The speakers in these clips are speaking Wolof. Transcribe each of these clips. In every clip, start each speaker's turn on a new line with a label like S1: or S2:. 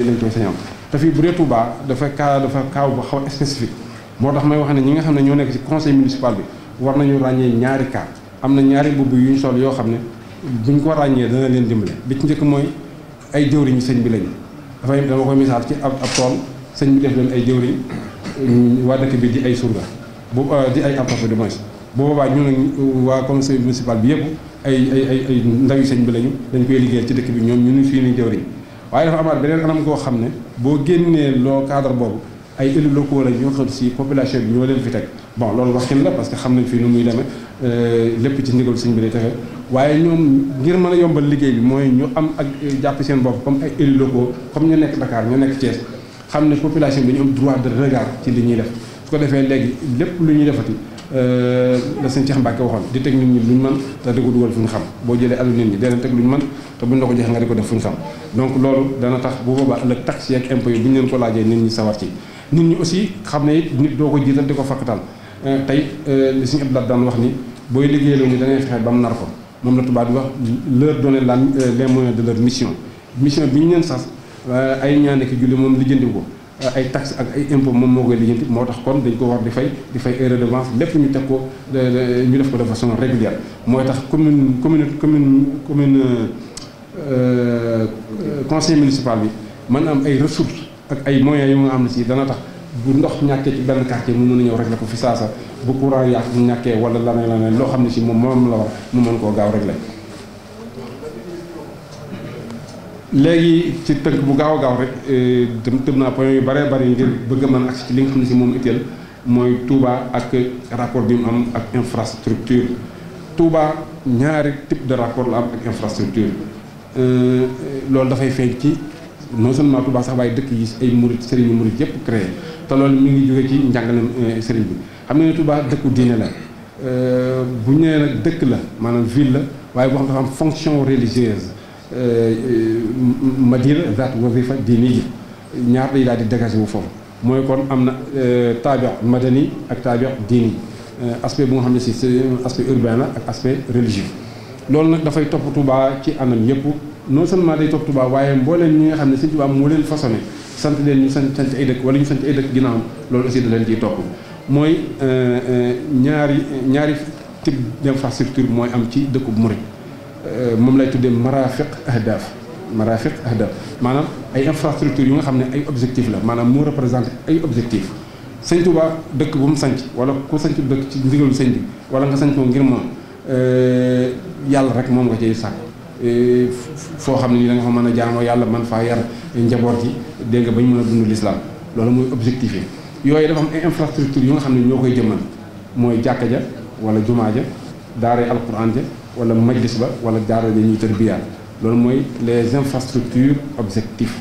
S1: lañ koy sañoon te fii bu dee Touba dafa kaa dafa kaaw bu xaw a spécifique moo tax may wax ne ñi nga xam ne ñoo nekk ci conseil municipal bi war nañu ràññee ñaari cas am na ñaari mbubb yu ñu sol yoo xam ne buñ ko ràññee dana leen dimbale bi ci njëkk mooy ay jëwriñu sëñ bi lañu dafay dama koy misaal ci ab ab tool sëñ bi def leen ay jëwriñ mm, waa dëkk bi di ay surga bu euh, di ay apporté de moins bu boobaa ñu ne euh, waa conseil municipal bi yëpp ay ay ay ay ndaw yu sëñ bi lañu dañ koy liggéeyal ci dëkk bi ñoom ñu ni fii ni waaye dafa amaat beneen anam goo xam ne boo génnee loo cadre boobu ay élus locaux la ñoo xam si population bi ñoo leen fi teg bon loolu waxin la parce que xam nañ fii nu muy demee euh, lépp ci ndigal sëñ bi lay waaye ñoom ngir mën a yombal liggéey bi mooy ñu am ak euh, jàpp seen bopp comme ay élus locaux comme ñu nekk Dakar ñu nekk Thiès xam ne population bi ñu am droit de regard ci li ñuy def su ko defee léegi lépp lu ñuy defati Euh, la sëñ Cheikh Mbacke waxoon di teg nit ñi luñ man te di ko dugal fu ñu xam boo jëlee alu nit ñi dana teg luñ mën te buñ la ko joxee nga di ko def fu ñu xam donc loolu dana tax bu boobaa ëllëg tax si ak impôt bu ñu leen ko laajee nit ñi sawar ci nit ñi aussi xam ne it nit doo ko jiital di ko fakkatal euh, tey euh, li suñu Abdoulaye daan wax ni booy liggéeyloo ni dangay fexe ba mu nar ko moom la tubaab di wax leur donner la les moyens de leur mission mission bi ñu leen sas ay ñaaneki julli moom lijjanti ko ay taxes ak ay impôts moom moo koy lijjanti moo tax kon dañ ko war di fay di fay ay redevance lépp ñu teg ko ñu def ko de façon régulière mooy tax commune commune commune commune euh, conseil municipal bi mën am ay ressources ak ay moyens yu nga am ne si dana tax bu ndox ñàkkee ci benn quartier mu mën a ñëw régler ko fi saasa bu courant yàq ñàkkee wala lanay lanay loo xam ne si moom moom la war mu mën koo gaaw régler léegi ci tënk bu gaaw a gaaw rek euh, tëb naa point yu baree bari ngir bëgg man mën ak ci li nga xam ne si moom itteel mooy Touba ak rapport bi mu am ak infrastructure Touba ñaari type de rapport la am ak infrastructure euh, loolu dafay feeñ ci non seulement Touba sax waaye dëkk yi ay murit sëriñ yu murit yëpp créé te loolu mi ngi jóge ci njàngalem euh, sëriñ bi xam nga ne Touba dëkku diine la bu ñu nee nag dëkk la maanaam ville la waaye boo xam dafa am fonction religieuse madina zaat wazifa diini ji ñaar day daal di bu wu mooy kon am na euh, taabi madani ak taabi diini euh, aspect bu nga xam ne si aspect urbain la ak aspect religieux loolu nag dafay topp Touba ci anam yëpp non seulement day topp tubaa waaye mbooleem ñi nga xam ne Sëñ Touba moo leen façonné sant leen ñu sant sant ay dëkk wala ñu sant ay dëkk ginnaawam loolu aussi da leen ciy topp mooy euh, ñaari ñaari type d'infrastructure mooy am ci dëkku murid Euh, moom lay tuddee marafiq ahdaf marafiq ahdaf maanaam ay infrastructure yu nga xam ne ay objectif la maanaam moo représenté ay objectif sëñ Touba dëkk bu mu sanc wala ku sanc dëkk ci ndigalu sëñ bi wala nga sanc ko ngir moom euh, yàlla rek moom nga cay sàkk euh, foo xam ne nii da nga fa mën a jaamoo yàlla man faa yar njaboot yi dégg nga bañ mën a dund lislaam loolu mooy objectif yi yooyu dafa am ay infrastructure yu nga xam ne ñoo koy jëmmal mooy jàkka wala jumaa wala majlis ba wala daara ja ñuy tërbiyaat loolu mooy les infrastructures objectif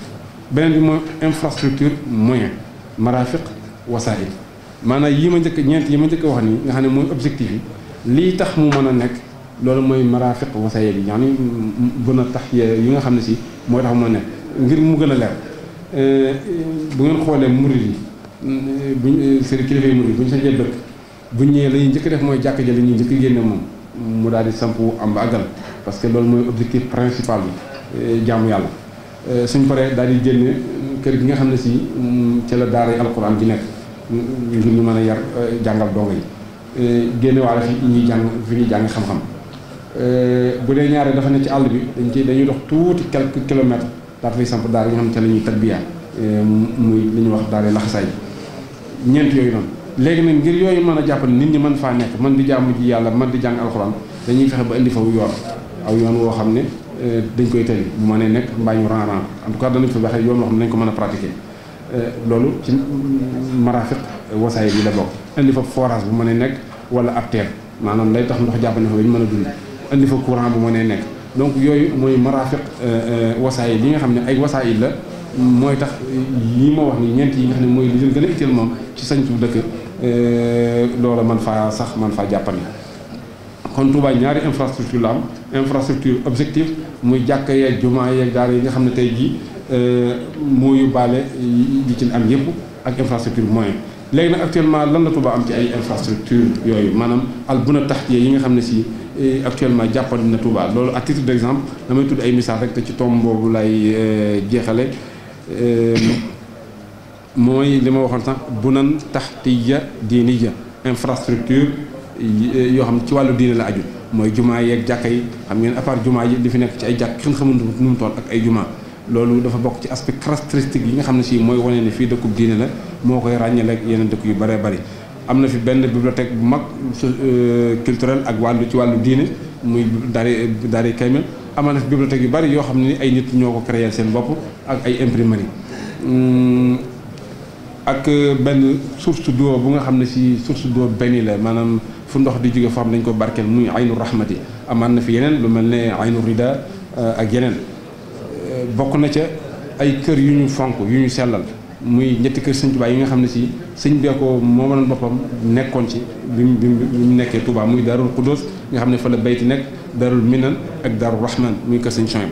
S1: beneen bi mooy infrastructure moyen marafiq wasail maanaam yi ma njëkk ñeent yi ma njëkk wax nii nga xam ne mooy objectif yi lii tax mu mën a nekk loolu mooy marafiq wasail yi yaani bën a tax yi nga xam ne si mooy tax mu nekk ngir mu gën a leer bu ngeen xoolee murid yi bu ñu seen kilifa yi murid bu ñu sañee dëkk bu ñëwee la ñuy njëkk def mooy jàkk ja la ñuy njëkk génne moom mu daal di sampu am ba àggal parce que loolu mooy objectif principal bi eh, jaamu yàlla eh, suñ paree daal di génne mm, kër gi nga xam ne si mm, ca la daara yi alquran ji nekk mm, ngir ñu mën a yar eh, jàngal donga yi génne waale fi ñuy jàng fi ñuy jàng xam-xam bu dee ñaare dafa ne ci àll bi dañ ci dañuy dox tuuti quelques kilomètres daa fay samp daara yi nga xam ne ca la ñuy tatbiya muy li ñuy wax daara laxasaay ñeent yooyu noonu léegi nag ngir yooyu mën a jàppale nit ñi mën faa nekk mën di jàmm ji yàlla man di jàng alxuraan dañuy fexe ba indi fa yoon aw yoon woo xam ne euh, dañ koy tëj bu mënee nekk mbaa ñu ran ran en tout cas danañ fa fexe yoon woo xam ne dañ ko mën a pratiquer euh, loolu ci marafiq euh, bi la bokk indi fa forage bu mënee nekk wala ab teer maanaam lay tax ndox jàpp ne fa bañ mën a dund indi fa courant bu nekk donc yooyu mooy marafiq wasaay li nga xam ne ay wasaa wasaay la mooy tax yi ma wax ni ñeent yi nga xam ne mooy li leen gën a itteel moom ci sañtu dëkk loola man faa sax man faa jàppani kon Touba ñaari infrastructure la am infrastructure objectif muy jàkka yeeg jumaa yeeg daara yi nga xam ne tey jii euh, moo yóbbaale li ci am yëpp ak infrastructure moyen léegi nag actuellement lan la Touba am ci ay infrastructure yooyu maanaam al tax taxtiya yi nga xam ne si euh, actuellement jàppandi na Touba loolu à titre d' exemple damay tudd ay misaal rek te ci tomb boobu lay euh, jeexale mooy li ma waxoon sax bunan taxtiya diiniya infrastructure eh, yoo xam ci wàllu diine la aju mooy jumaa yeeg jàkka yi xam ngeen à part jumaa yi li fi nekk ci ay jàkk xen xamul nu mu toll ak ay jumaa loolu dafa bokk ci aspect caractéristique yi nga xam ne si mooy wane ne fii dëkkub diine la moo koy ràññale ak yeneen dëkk yu bëree bëri am na fi benn bibliothèque bu mag eh, culturelle ak wàllu ci wàllu diine muy daari daari kaymel amaa na fi bibliothèque yu bëri yoo xam ne ay nit ñoo ko créer seen bopp ak ay imprimerie hmm, ak euh, benn source d'eau bu nga xam ne si su d'eau benn la maanaam fu ndox di jóge foo xam dañ ko barkeel muy aynu rahmati amaan na fi yeneen lu mel ne aynu rida euh, ak yeneen euh, bokk na ca ay kër yu ñu fonk yu ñu sellal muy ñetti kër sëñ Tuubaa yi nga xam ne si sëñ bee ko moomaloon boppam nekkoon ci bi mu bi mu nekkee tubaa muy daarul Xuddoos nga xam ne fa la bayti nekk daarul Minan ak daarul Rahman muy kër sëñ Chouaib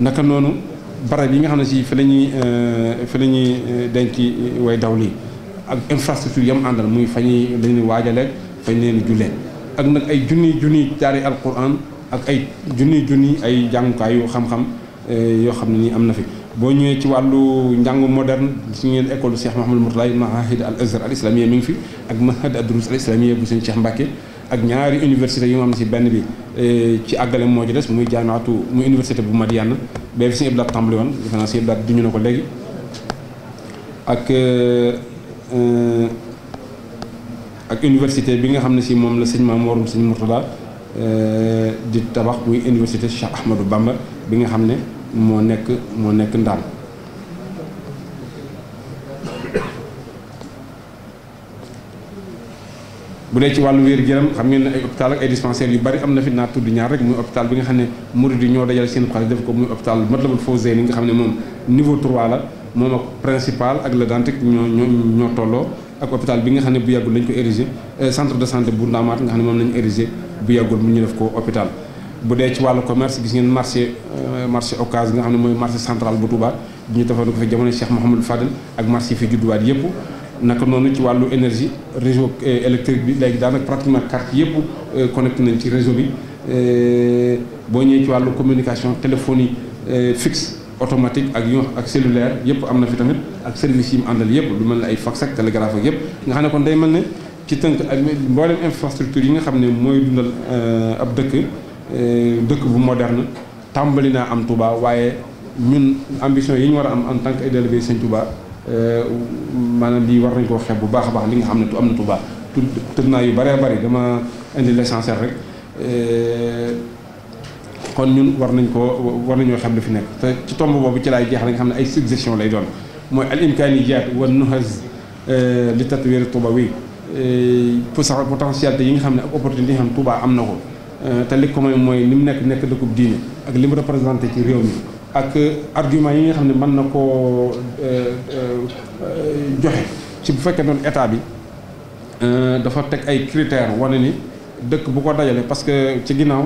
S1: naka noonu. barab yi nga xam ne si fi la ñuy euh, fi la ñuy euh, denc euh, way daw lii ak infrastructure yam àndal muy fa ñuy leen waajaleeg fa ñu leen jullee ak nag ay junni junni jaari alquran ak ay junni junni ay jàngukaayu xam-xam yoo xam ne nii am na fi boo ñëwee ci wàllu njàngu moderne suñu école Cheikh Mahamadou Mourtalaay mahahid al azhar al islamiyya mi ngi fi ak mahad ad durus al islamiyya bu seen Cheikh Mbacke ak ñaari université yoo xam ne si benn bi Eh, ci àggaleem moo ci des muy jaamaatu muy université bu Madiyana ba fi suñu iblaat tàmbali woon defe naa suñu iblaat ñu na ko léegi eh, eh, ak université bi nga xam ne si moom la sëñ Mamour sëñ Mourtada di tabax muy université Cheikh Ahmadou Bamba bi nga xam ne moo nekk moo nekk ndaam bu dee ci wàllu wér gu xam ngeen ay hôpital ak ay dispensaires yu bari am na fi naa tudd ñaar rek muy hôpital bi nga xam ne ne moom niveau 3 la moom ak principal ak Le Dantec ñoo ñoo ñoo tolloo ak hôpital bi nga xam ne bu yàggul lañ ko érigé euh, de santé bu Ndamaat nga xam ne moom lañ érigé bu yàggul ko hôpital bu dee ci wàllu commerce gis ngeen marché euh, marché Ocass nga xam ne mooy marché central bu Touba bu ñu defoon ko fi jamono Cheikh Mouhamadou Fadel ak marché yi fi judduwaat yëpp naka noonu ci wàllu énergie réseau euh, électrique bi léegi daanaka pratiquement carte yëpp euh, connecté nañ ci réseau bi euh, boo ñëwee ci wàllu communication téléphonie fixe automatique ak yu ak cellulaire yëpp am na fi tamit ak service yi mu àndal yëpp lu mel ne ay fax ak télégraphe ak yëpp nga xam ne kon day mel ne ci tënk ak mboolem infrastructure yi nga xam ne mooy dundal ab dëkk dëkk bu moderne tàmbali naa am tubaa waaye ñun ambition yi ñu war a am en tant que ay délégué Euh, maanaam lii war nañ koo xeeb bu baax a baax li nga xam ne am na Touba tëdd naa yu bëree bëri dama indi l'essentiel rek euh, kon ñun war nañ koo war nañoo xam li fi nekk te ci tomb boobu ci laay jeex la nga xam ne ay suggestion lay doon mooy al imkaniyat wa nuhaz euh, li tatwir toubawi potentialité yi nga xam ne ak opportunité yi nga xam ne Touba am na ko te li ko mooy mooy li mu nekk nekk dëkkub diine ak li mu représenté ci réew mi ak argument yi nga xam ne mën na koo euh, euh, joxe ci bu fekkee noonu état bi euh, dafa teg ay critères wane ni dëkk bu ko dajale parce que ci ginnaaw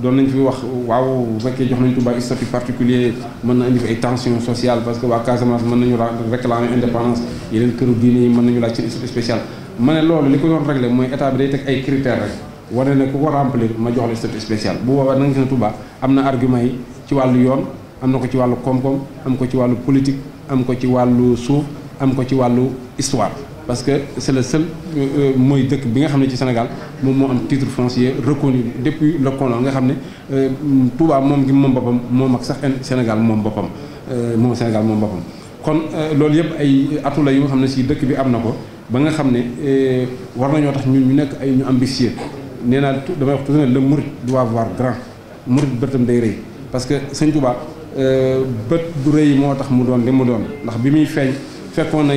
S1: doon nañ fi wax waaw bu fekkee jox nañ Touba statut particulier mën na indi fi ay parce que waa Casamance mën nañu réclamer indépendance yeneen këru diine yi mën nañu laaj ci statut spécial ma ne loolu li ko doon régler mooy état bi day teg ay critère rek wane ne ku ko remplir ma jox la statut spécial bu boobaa na nga gis ne am na argument yi ci wàllu yoon am na ko ci wàllu koom-koom am ko ci wàllu politique am ko ci wàllu suuf am ko ci wàllu histoire parce que c'est le seul euh, euh, mooy dëkk bi nga xam ne ci Sénégal moom moo am titre foncier reconnu depuis le nga xam ne euh, Touba moom gi moom boppam moom ak sax Sénégal moom boppam moom Sénégal moom kon loolu yëpp ay atula yu nga xam ne si dëkk bi am na ko ba nga xam ne war nañoo tax ñun ñu nekk ay ñu ambitieux nee naa damay wax toujours ne le murid doit voir grand murid bëtam day rëy parce que sëñ Touba Euh, bët bu rëy moo tax mu doon li mu doon ndax bi muy feeñ fekkoon na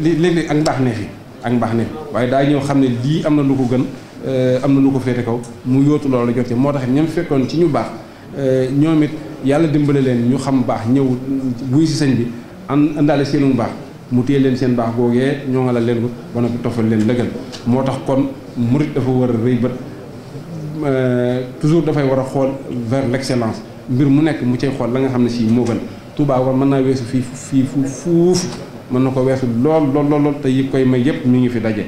S1: léeg-léeg ak mbaax ne fi ak mbaax ne fi waaye daa ñëw xam ne lii am na lu ko gën euh, am na lu ko féete kaw mu yóotu loolu la jotee moo tax ñam fekkoon ci ñu baax euh, ñoom it yàlla dimbale leen ñu xam baax ñëw wuy bi an àndaale seenu baax mu téye leen seen baax googee ñoo nga la leen ba noppi tofal leen lëgal moo tax kon murit dafa war a rëy bët toujours dafay war a xool vers l'excellence mbir mu nekk mu cay xool la nga xam ne si moo gën Touba war mën naa weesu fii fii fuuf mën na ko weesu lool lool lool lool te yi koy may yëpp mi ngi fi daje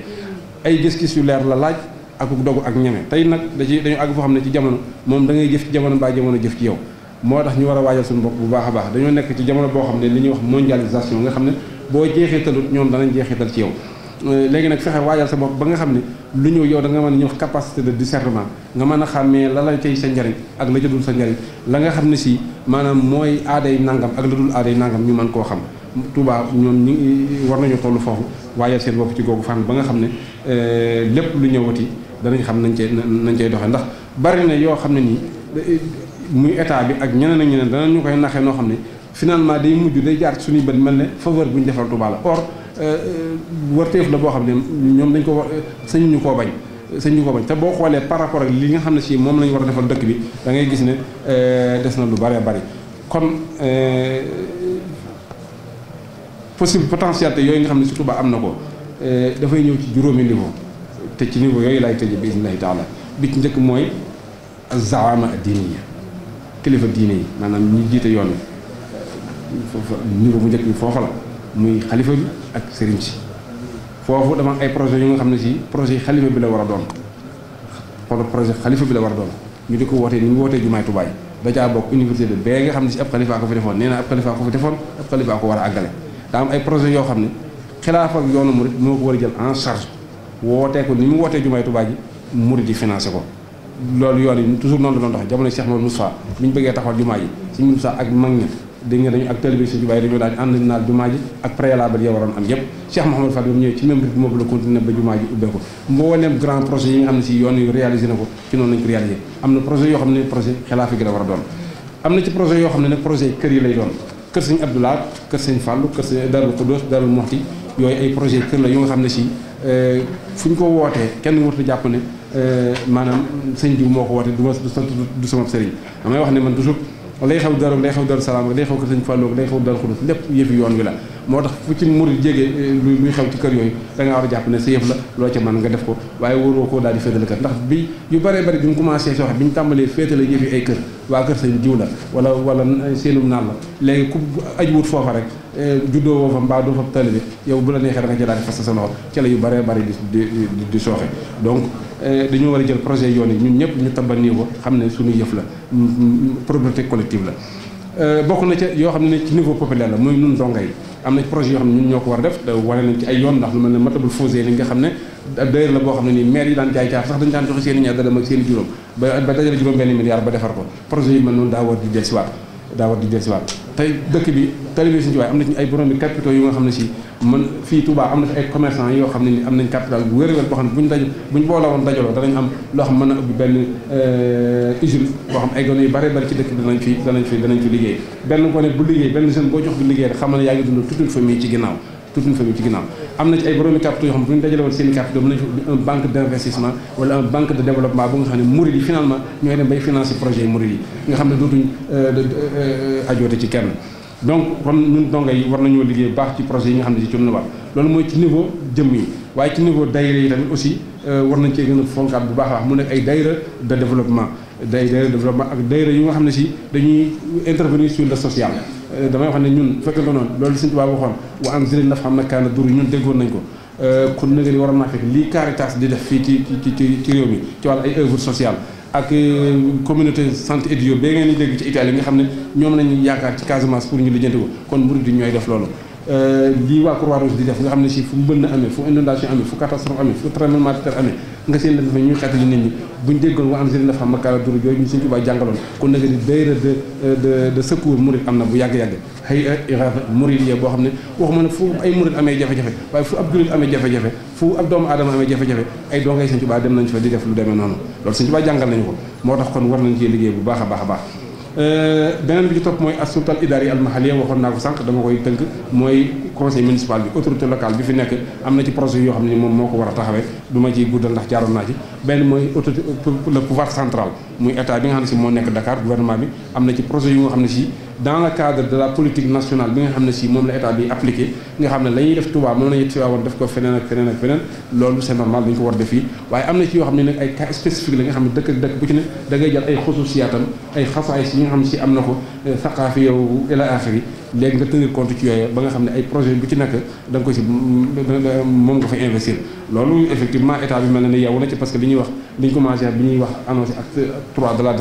S1: ay gis-gis yu leer la laaj ak dogu ak ñeme tey nag da ci dañu àgg foo xam ne ci jamono moom da ngay jëf ci jamono baa jamono jëf ci yow moo tax ñu war a waajal suñu bopp bu baax a baax dañoo nekk ci jamono boo xam ne li ñu wax mondialisation nga xam ne boo jeexeetalut ñoom danañ jeexeetal ci yow Euh, léegi nag fexe waajal sa bopp ba nga xam ne lu ñëw yow da nga mën a ñëw capacité de discernement nga mën a xàmmee la la cay sa njariñ ak la ca dul sa njariñ la nga xam ne si maanaam mooy aaday nangam ak la dul aaday nangam ñu mën koo xam Touba ñoom ñi war nañu toll foofu waajal seen bopp ci googu fan ba nga xam ne euh, lépp lu ñëwati danañ xam nañ cee nañ cey doxee ndax bari na yoo xam ne nii euh, muy état bi ak ñeneen ak ñeneen danañu koy naxee noo xam ne finalement day mujj day jaar suñuy bët mel ne faveur bu ñu defal Touba la Euh, euh, warteef la boo xam ne ñoom lañ ko wax sañu ñu koo bañ sañu ko bañ te boo xoolee par rapport ak li nga xam ne si moom lañu war a defal dëkk bi da ngay gis ne euh, des na lu bëree bëri kon possible potentialité yooyu nga xam ne si ba am na ko dafay ñëw ci juróomi niveau te ci niveau yooyu laay tëjee bi isnillahi taala bi ci njëkk mooy zawaama diine yi kilifa diine yi maanaam ñu jiite yoon foofa niveau bu njëkk bi foofa la muy xalifa bi ak sëriñ si foofu dama ay projet yu nga xam ne si projet xalifa bi la war a doon xool projet xalifa bi la war a doon ñu di ko wootee ni ñu wootee jumaay tubaay da caa bokk université bi bee nga xam ne si ab xalifaa ko fi defoon nee naa ab xalifaa ko a am ay projet yoo xam ne xilaaf ak yoonu murit ko war a jël en charge wootee ni mu wootee jumaay Tuubaa ji murit yi financé ko loolu yoon yi toujours noonu la doon doxee jamono Cheikh Mouhamadou Moustapha bi ñu bëggee taxawal jumaa yi si Moustapha ak mag ña dégg nga dañu ak télévision bi waaye dañoo daan ànd naal jumaa ji ak préalable ya waroon am yëpp Cheikh Mouhamadou Fall bam ñëwee ci même rythme boobu la continué ba jumaa ji ubbee ko mbooleem grand projet yi nga xam ne si yoon yu réalisé na ko ci noonu lañ ko réalisé am na projet yoo xam ne projet xilaafa gi la war a doon am na ci projet yoo xam ne nag projet kër yi lay doon kër sëñ Abdoulaye kër sëñ Fallou kër sëñ Darou Khoudoss Darou Mouhty yooyu ay projet kër la yoo xam ne si euh, fu ñu ko wootee kenn warta jàpp ne euh, maanaam sëñ jiw moo ko woote du ma du sama sëriñ damay wax lay xew darom lay xew daru salaam lay xew kër sëñ Fallou lay xew daru xudus lépp yëfi yoon wi la moo tax fu ci murid jege eh, luy xew ci kër yooyu da war a jàpp ne sa yëf la loo ca mën nga def ko waaye waroo koo daal di féetale kër ndax bi yu bëree bëri bi mu commencé sooxe bi ñu tàmbalee eh, naan la léegi ku ajuwut foofa rek eh, juddoo woo fa mbaa doo yow bu la neexee da nga ci daal di la yu bëree bëri di di di sooxe Eh, dañoo war a jël projet yoon yi ñun ñëpp ñu tamba nii ko xam ne suñu yëf la propriété collective la eh, bokk na ca yoo xam ne ci niveau populaire la mooy nun ndongo yi am na projet yoo xam ne ñun ñoo ko war def wane nañ ci ay yoon ndax lu mel ne matabul fausé ni nga xam ne d'ailleurs la boo xam ne nii maire yi daan jaay caar sax dañ daan joxe seen i ñaar dara ak seen juróom ba ba dajale juróom benn milliard ba defar ko projet yi mel noonu daa war di dellusiwaat daa war di jël si waat tey dëkk bi talibé suñu ci waaye am na ci ay borom bi capitaux yu nga xam ne si man fii Touba am na fi ay commerçant yoo xam ne ni am nañ capital bu wér-wér boo xam ne bu ñu daj bu ñu booloo woon dajaloo danañ am loo xam mën a ubbi benn euh, usine boo xam ay gone yu bare bari ci dëkk bi danañ fi danañ fi danañ fi liggéey benn gone bu liggéey benn jeune boo jox bu liggéey rek xamal yaa ngi dund tutul famille ci ginnaaw toute une famille ci ginnaaw am na ci ay boroomi capitaux yoo xam ne bu i capitaux mën nañu un banque d' investissement wala un banque de développement bu nga xam ne murid yi finalement ñooy dem bay financer projet yi nga xam ne dootuñ euh, euh, ajoote ci kenn donc kon ñun donga yi war nañoo liggéey baax ci projet yi nga xam ne ci coono wax loolu mooy ci niveau jëmm yi waaye ci niveau daayira yi tamit aussi euh, war nañ cee gën a fonkaat bu baax a baax mu nekk ay daayira de développement daayira de développement ak daayira yu nga xam ne si dañuy intervenir sur le social Euh, damay wax ne ñun fekk nga noonu loolu Sëñ Tuubaa waxoon wa am ziril naf xam na kaana dur ñun déggoon nañ ko euh, kon nag ni waroon naa fekk lii Caritas di def fii ci ci ci réew mi ci wàllu ay œuvre sociale ak euh, communauté santé et bio bee ngeen di dégg ci Italie nga xam ne ñoom lañu yaakaar ci Casamance pour ñu lijjanti ko kon murid yi ñooy def loolu Euh, lii waa Croix-Rouge di def nga xam ne si fu mbënn amee fu inondation amee fu catastrophe amee fu tremblement de terre amee nga seen la dafa ñuy xeetali nit euh, am na bu yàgg-yàgg xëy euh, irada murid boo xam ne waxuma ne fu ay murid amee jafe-jafe waaye fu ab jullit amee jafe-jafe fu ab doomu aadama amee jafe-jafe ay doongay suñu Tuubaa dem nañ fa di def lu demee noonu loolu suñu Tuubaa jàngal nañu ko moo tax kon war nañ cee liggéey bu baax a baax a baax Euh, beneen bi ci topp mooy assuut al idaari al mahaliya waxoon naa ko sànq dama koy tënk mooy conseil municipal bi autorité locale bi fi nekk am na ci projet yoo xam ne moom moo ko war a taxawee du ma ciy guddal ndax jaaroon naa ci benn mooy autorité le pouvoir central muy état bi nga xam ne si moo nekk Dakar gouvernement bi am na ci projet yu nga xam ne si dans le cadre de la politique nationale ne si moom la état bi appliqué nga xam na ci yoo xam ne nag ay cas spécifique ci ne da ngay jël ay xususiyaatam si nga xam si am na ko eh, saqaafi yow ila axiri léegi nga tenir compte ci yooyu ba nga xam ne ay projet bu ci nekk da nga si moom nga fa investir loolu effectivement état bi mel na ne yow na ci parce que li ñuy wax li ñu commencé bi ñuy wax annoncé acte 3 de la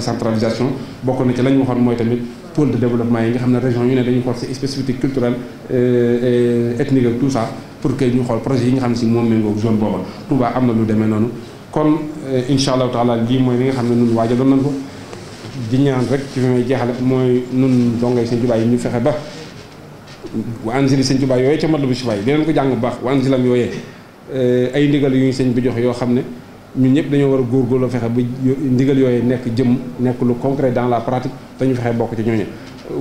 S1: bokk na ci la ñu waxoon mooy tamit pour de développement yi nga xam ne région yu ne dañu xool si spécificité culturelle euh, ethnique ak tout ça pour que ñu xool projet yi nga xam ne si moom méngoog zone booba Touba am na lu deme noonu kon euh, incha allahu taala lii mooy li nga xam ne ñun waajaloon nañ ko di ñaan rek ci fi may jeexale mooy nun dongay sëñ Tuubaa yi ñu fexe ba wa anzili sëñ Tuubaa yooyee ca matla bu sifaay dinañ ko jàng bu baax wa anzilam yooyee euh, ay ndigal yu ñu sëñ bi jox yoo xam ne ñun ñëpp dañoo war a góorgóorlu fexe ba ndigal yooyu nekk jëm nekk lu concret dans la pratique dañu fexe bokk ci ñooñu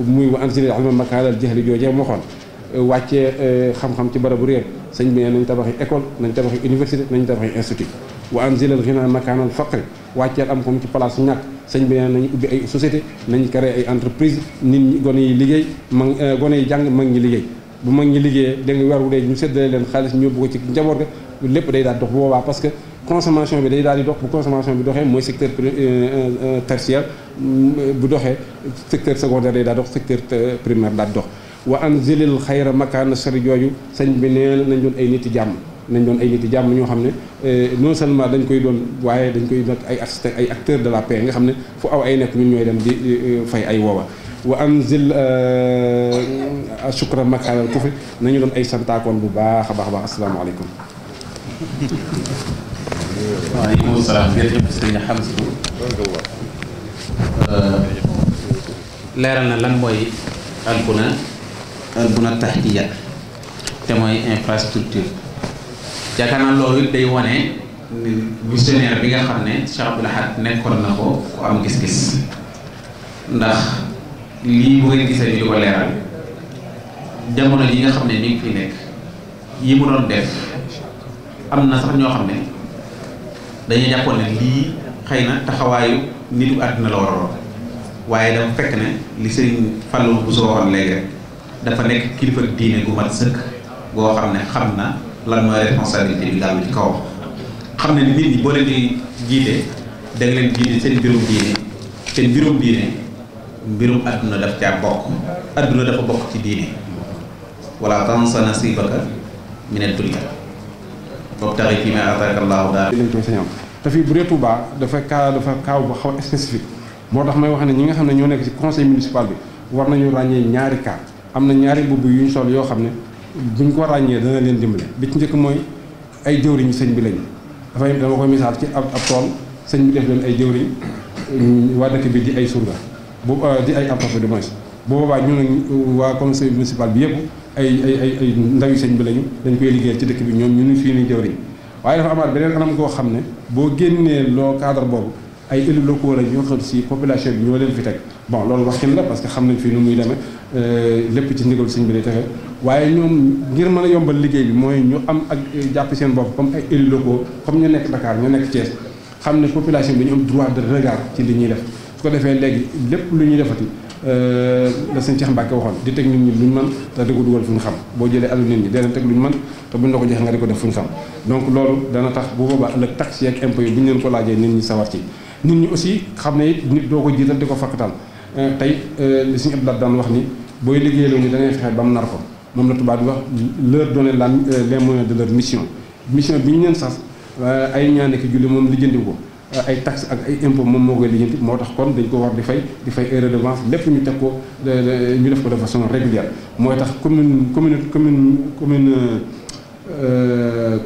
S1: muy wa anzil al-ilma makaanal jahli joojee mu waxoon wàccee euh, xam-xam ci barabu réer sañ bi nee nañ yi école nañ tabaxi université nañ tabaxi institut wa anzil al-ghina makaanal faqri wàcceel am xam ci place ñàkk sëñ bi nee nañ ubbi ay société nañ créé ay entreprise nit ñi gone yi liggéey mag euh, gone yi jàng mag ñi liggéey bu mag ñi liggéeyee da nga weer wu dee ñu séddale leen xaalis consommation bi day daal di dox bu consommation bi doxee mooy secteur euh, euh, euh, tertiaire mm, bu doxee secteur secondaire day daal dox secteur primaire daal dox wa anzilil xayra makaan seri jooju sëñ bi nee nañ doon ay nit jàmm nañ doon ay nit jàmm ñoo xam ne non seulement dañ koy doon waaye dañ koy nag ay architecte ay acteur de la paix nga xam ne fu aw ay nekk ñun ñooy dem di fay ay woowa wa anzil shukra makaanal kufi nañu doon ay santaakoon bu baax a baax a baax
S2: waaleykum salaam jërëjëf sëriñ Hamsatu euh, na lan mooy albuna albuna tahtiya te mooy infrastructure yaakaar naa day wane visionnaire bi nga xam ne Cheikh Abdoul Ahad nekkoon na ko ku am gis-gis ndax lii bu ngeen gisee ñu ko leeral jamono yi nga xam ne mi ngi fi nekk yi mu doon def am na sax ñoo xam ne dañuy jàppoon ne lii xëy na taxawaayu nitu àdduna la waroon waaye dafa fekk ne li sëriñ Fallou bu soo léegi dafa nekk kilifa diine gu mat sëkk goo xam ne xam na lan mooy responsabilité bi daal ci kawam xam ne nit ñi boo leen di jiite leen jiite seen mbirum diine seen mbirum diine mbirum àdduna daf caa bokk àdduna dafa bokk ci diine wala tansa nasibaka minad dunya wabtaxi fii maa ataaka te
S1: fii bu dee Touba dafa kaa dafa kaaw bu xaw a moo tax may wax ne ñi nga xam ne ñoo nekk ci conseil municipal bi war nañu ràññee ñaari cas am na ñaari mbubb yu ñu sol yoo xam ne buñ ko ràññee dana leen dimbale bi ci njëkk mooy ay jëwriñu sëñ bi lañ dafay dama koy misaal ci ab ab tool sëñ bi def leen ay jëwriñ mm, waa dëkk bi di ay surga bu euh, di ay ab de moins bu boobaa ñu nag waa conseil municipal bi yëpp ay ay ay ay ndawi sëñ bi lañu dañ koy liggéeyal ci dëkk bi ñoom ñu ni fii ni jawriñ waaye dafa amaat beneen anam koo xam ne boo génnee loo cadre boobu ay élus locaux la ñoo si population bi ñoo leen fi teg bon loolu waxin la parce que xam nañ fii nu muy demee euh, lépp ci ndigal sëñ bi lay taxee waaye ñoom ngir mën a yombal liggéey bi mooy ñu am ak euh, jàpp seen bopp comme ay élus locaux comme ñu nekk Dakar ñu nekk Thiès xam ne population bi ñu am droit de regard ci li ñuy def su ko defee léegi lépp lu ñuy defati Euh, la sëñ Cheikh Mbacke waxoon di teg nit ñi luñ man te di ko dugal fu ñu xam boo jëlee alu nit ñi dana teg luñ man te bu la ko joxee nga di ko def fu ñu xam donc loolu dana tax bu boobaa ëllëg tax yeeg impôt yi bu ñu leen ko laajee nit ñi sawar ci nit ñi aussi xam ne it nit doo ko jiital di ko fakkatal euh, tey euh, li suñu Abdou daan wax ni booy liggéeyloo ni dangay fexe ba mu nar ko moom la tubaab di wax leur donner la les moyens de leur mission mission bi ñu leen sax ay ñaan ak julli moom lijjanti ko ay taxes ak ay impôts moom moo koy lijjanti moo tax kon dañ ko war di fay di fay ay redevance lépp ñu teg ko ñu def ko de façon régulière mooy tax commune commune commune commune euh,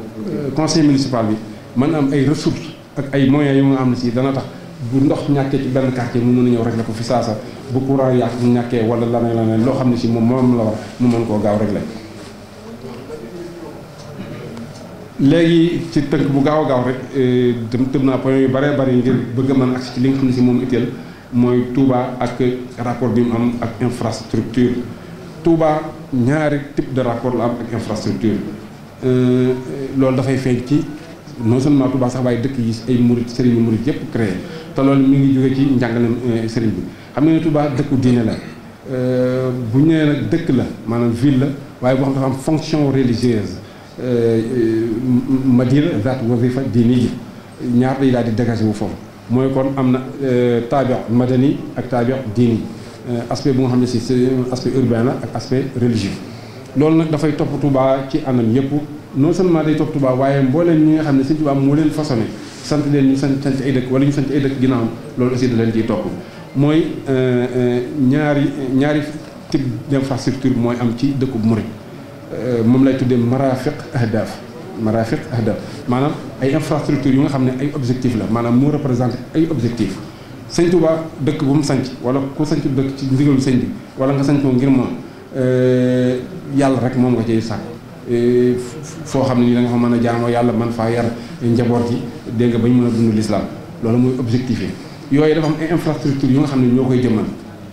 S1: conseil municipal bi mën am ay ressources ak ay moyens yu nga am na si dana tax bu ndox ñàkkee ci benn quartier mu mën a ñëw régler ko fi saasa bu courant yàq ñàkkee wala lanay lanay loo xam ne si moom moom la war mu mën koo gaaw régler léegi ci tënk bu gaaw a gaaw rek dem euh, tëb naa point yu baree bari ngir bëgg a mën ak ci li nga xam ne si moom itteel mooy Touba ak rapport bi mu am ak infrastructure Touba ñaari type de rapport la am ak infrastructure euh, loolu dafay feeñ ci non seulement Touba sax waaye dëkk yi ay murit sëriñ yu murit yëpp créé te loolu mi ngi jóge ci njàngalem euh, sëriñ bi xam nga ne Touba dëkku diine la bu ñu nee nag dëkk la maanaam ville la waaye boo xam dafa am fonction religieuse Euh, euh, madina zaat wazifa diini ji ñaar day daal di bu foofu mooy kon am na euh, taabi madani ak taabi diini aspect bu nga xam ne si aspect urbain la ak aspect religieux loolu nag dafay topp Touba ci anam yëpp non seulement day topp tubaa waaye mbooleem ñi nga xam ne si Touba moo leen façonné sant leen ñu sant sant ay dëkk wala ñu sant ay dëkk ginnaawam loolu aussi da leen ciy topp mooy ñaari ñaari type d'infrastructure mooy am ci dëkkub murit Euh, moom lay tuddee marafiq ahdaf marafiq ahdaf maanaam ay infrastructure yu nga xam ne ay objectif la maanaam moo représenté ay objectif sëñ Touba dëkk bu mu sanc wala ku sanc dëkk ci ndigalu sëñ bi wala nga sanc ko ngir moom euh, yàlla rek moom nga cay sàkk euh, foo xam ne nii da nga fa mën a jaamoo yàlla man faa yar njaboot yi dégg nga bañ mën a dund lislaam loolu mooy objectif yi yooyu dafa am ay infrastructure yu nga xam ne ñoo koy jëmmal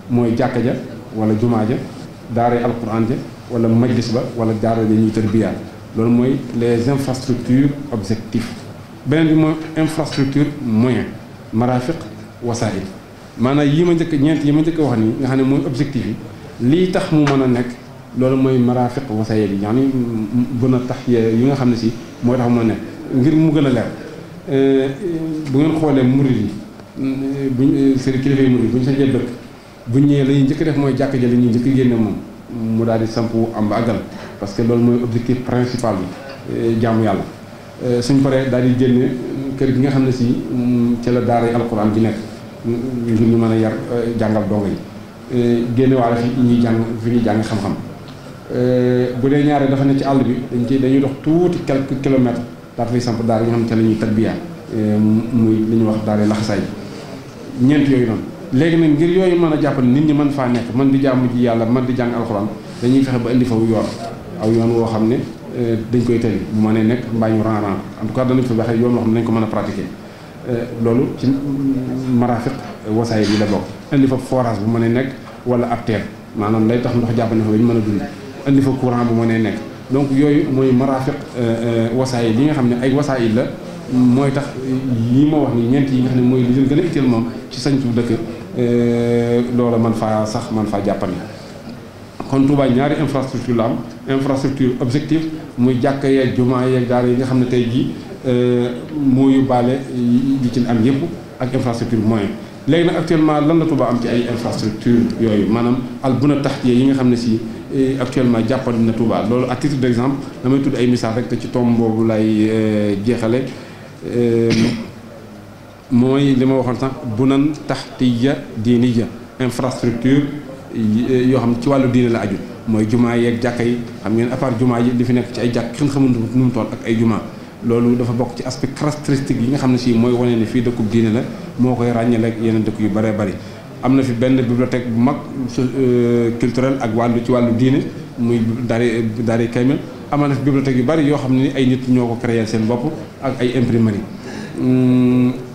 S1: mooy jàkka ja wala jumaa ja daaree alquran wala majlis ba wala daara ja ñuy tërbiyaat loolu mooy les infrastructures objectifs beneen bi mooy infrastructure moyen marafiq wasail maanaam yi ma njëkk ñeent yi ma njëkk wax nii nga xam ne mooy objectif yi lii tax mu mën a nekk loolu mooy marafiq wasail yi yani bën a tax yi nga xam ne si mooy tax mu nekk ngir mu gën a leer bu ngeen xoolee murid yi bu sëriñ kilifa yi murid yi bu ñu sa jël dëkk bu ñëwee la ñuy njëkk def mooy jàkk ja la ñuy njëkk génne moom mu daal di sampu am ba àggal parce que loolu mooy objectif principal bi eh, jaamu yàlla eh, suñu paree daal di génne mm, kër gi nga xam ne si mm, ci la daara yi alxuraan ji nekk mm, ngir ñu mën a yar eh, jàngal dongo yi génne waale fi ñuy jàng fi ñuy jàng xam-xam bu dee ñaare dafa ne ci àll bi dañ ci dañuy dox tuuti quelques kilomètres daal fay samp daal yi nga xam ci la ñuy tatbiya muy li ñuy wax daara laxasaay ñeent yooyu noonu léegi nag ngir yooyu mën a jàpp nit ñi mën faa nekk man di jàmm ji yàlla mën di jàng alxuraan dañuy fexe ba indi fa yoon aw yoon woo xam ne euh, dañ koy tëj bu ma nee nekk mbaa ñu ran ran en tout cas danañ fa fexe yoon woo xam ko mën a pratiquer euh, loolu ci marafiq euh, wasaay bi la bokk indi fa forage bu mënee nekk wala ab maanaam lay tax ndox jàpp ne fa ba ñu mën a dund indi fa courant bu nekk donc yooyu mooy marafiq wasaay li nga xam ne ay wasaa wasaay la mooy tax yi ma wax ni ñeent yi nga xam ne mooy li leen gën a itteel moom ci sañtu dëkk loola man faa sax man faa jàppandi kon Touba ñaari infrastructure la am infrastructure objectif muy jàkka yeek jumaa yeeg daara yi nga xam ne tey jii euh, moo yóbbaale yi ci am yëpp ak infrastructure moyen léegi nag actuellement lan la Touba am ci ay infrastructure yooyu maanaam al tax taxtiya yi nga xam ne si euh, actuellement jàppandi na Touba loolu à titre d' exemple damay tudd ay misaal rek te ci tomb boobu lay euh, jeexale mooy li ma waxoon sax bunan taxtiya diiniya infrastructure eh, yoo xam ci wàllu diine la aju mooy jumaa yeeg jàkka yi xam ngeen à part jumaa yi li fi nekk ci ay jàkk kenn xamul nu mu tool ak ay jumaa loolu dafa bokk ci aspect caractéristique yi nga xam ne si mooy wane ne fii dëkkub diine la moo koy ràññale ak yeneen dëkk yu bëree bëri am na fi benn bibliothèque bu mag euh, culturelle ak wàllu ci wàllu diine muy daari daari kaymel amaa na fi bibliothèque yu bëri yoo xam ne ay nit ñoo ko créer seen bopp ay imprimerie hmm,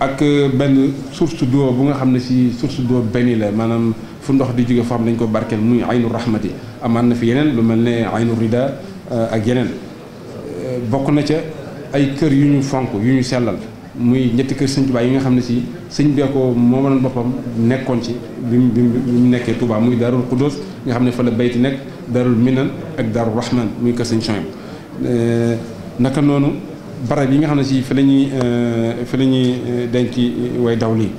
S1: ak euh, benn su d'eau bu nga xam ne si source d'eau benn la maanaam fu ndox di jóge foo xam dañ ko barkeel muy aynu rahmati amaan na fi yeneen lu mel ne aynu rida euh, ak yeneen euh, bokk na ca ay kër yu ñu fonk yu ñu sellal muy ñetti kër sëñ Tuubaa yi nga xam ne si sëñ bee ko moomaloon boppam nekkoon ci bi mu nekkee Tuubaa muy daarul Xuddoos nga xam ne fa la bayti nekk daarul Minan ak daarul Rahman muy kër sëñ Chouaib naka noonu. barab yi nga xam ne si fi la ñuy euh, fi la ñuy euh, denc way daw lii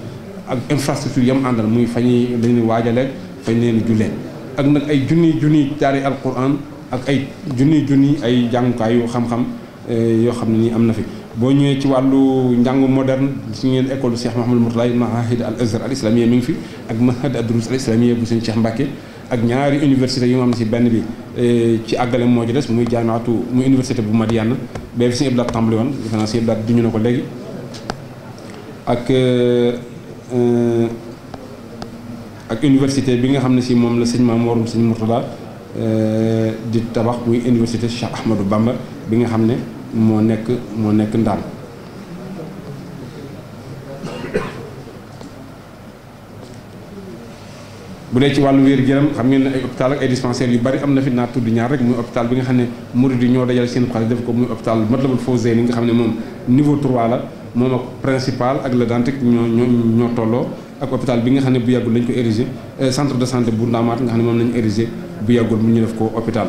S1: ak infrastructure yam àndal muy fa ñuy dañuy waajaleeg fañ leen jullee ak nag ay junni junni daari alquran ak ay junni junni ay jàngukaayu xam-xam euh, yoo xam ne nii am na fi boo ñëwee ci wàllu njàngu moderne su ngeen école Cheikh Mahamadou Mourtala mahahid al azhar al islamiyya mi ngi fi ak mahad ad durus al islamiyya bu seen Cheikh Mbacke ak ñaari université yu nga xam ne si benn bi eh, ci àggale moo ci des muy jaamiatu muy université bu Madiana bee fi si iblaat tàmbali woon defe naa si iblaat duñu na ko léegi ak eh, eh, ak université bi nga xam ne si moom la sëñ Mamour sëñ Mourtada di tabax muy université Cheikh Ahmadou Bamba bi nga xam ne moo nekk moo nekk ndaam bu dee ci wàllu wér-gu-yaram xam ngeen ne ay hôpital ak ay dispensaires yu bari am na fi naa tudd ñaar rek muy hôpital bi nga xam ne murid yi ñoo dajal seen xaalis def moom niveau 3 la moom ak principal ak Le Dantec ñoo tolloo ak hôpital bi nga xam ne bu yàggul lañ ko érigé euh, centre de santé bu Ndamaat nga xam ne moom lañ érigé bu yàggul mu ñu ko hôpital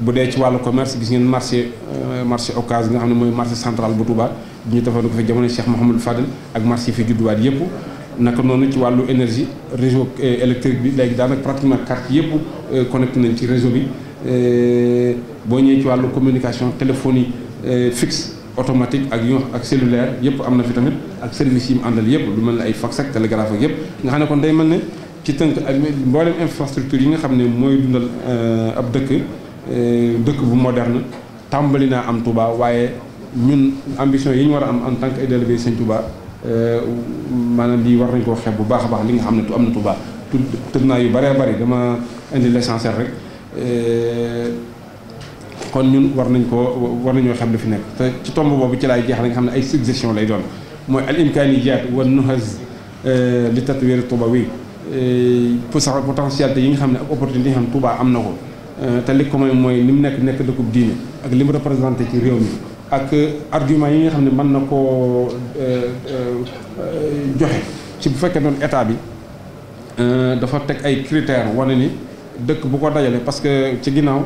S1: bu dee ci wàllu commerce gis ngeen marché euh, marché Ocass nga xam ne mooy marché central bu Touba bu ñu defoon ko fi jamono Cheikh Mouhamadou Fadel ak marché fi judduwaat yëpp naka noonu ci wàllu énergie réseau euh, électrique bi léegi daanaka pratiquement carte yëpp euh, connecté nañ ci réseau bi euh, boo ñëwee ci wàllu communication téléphonie fixe automatique ak yo ak cellulaire yëpp am na fi tamit ak service yi mu àndal yëpp lu mel ne ay fax ak télégraphe ak yëpp nga xam ne kon day mel ne ci tënk ak mboolem infrastructure yi nga xam ne mooy dundal ab dëkk dëkk bu moderne tàmbali naa am Touba waaye ñun ambition yi ñu war a am en tant que ay délégué Sëñ Euh, maanaam lii war nañ koo xeeb bu baax a baax li nga xam ne tu am na Touba tu tëdd naa yu bëree bëri dama indi l'essentiel rek euh, kon ñun war nañ koo war nañoo xeeb li fi nekk te ci tomb boobu ci laay jeex la nga xam ne ay lay doon mooy al imkaniyat wa nuhaz euh, li tatwir Touba wi pour sax potentialité yi nga xam ne ak opportunité yi nga xam ne am na ko te li ko mooy mooy li mu nekk nekk dëkkub diine ak li mu représenté ci réew mi ak argument yi nga xam ne mën na koo euh, euh, joxe ci bu fekkee noonu état bi euh, dafa teg ay critères wane ni dëkk bu ko dajale parce que ci ginnaaw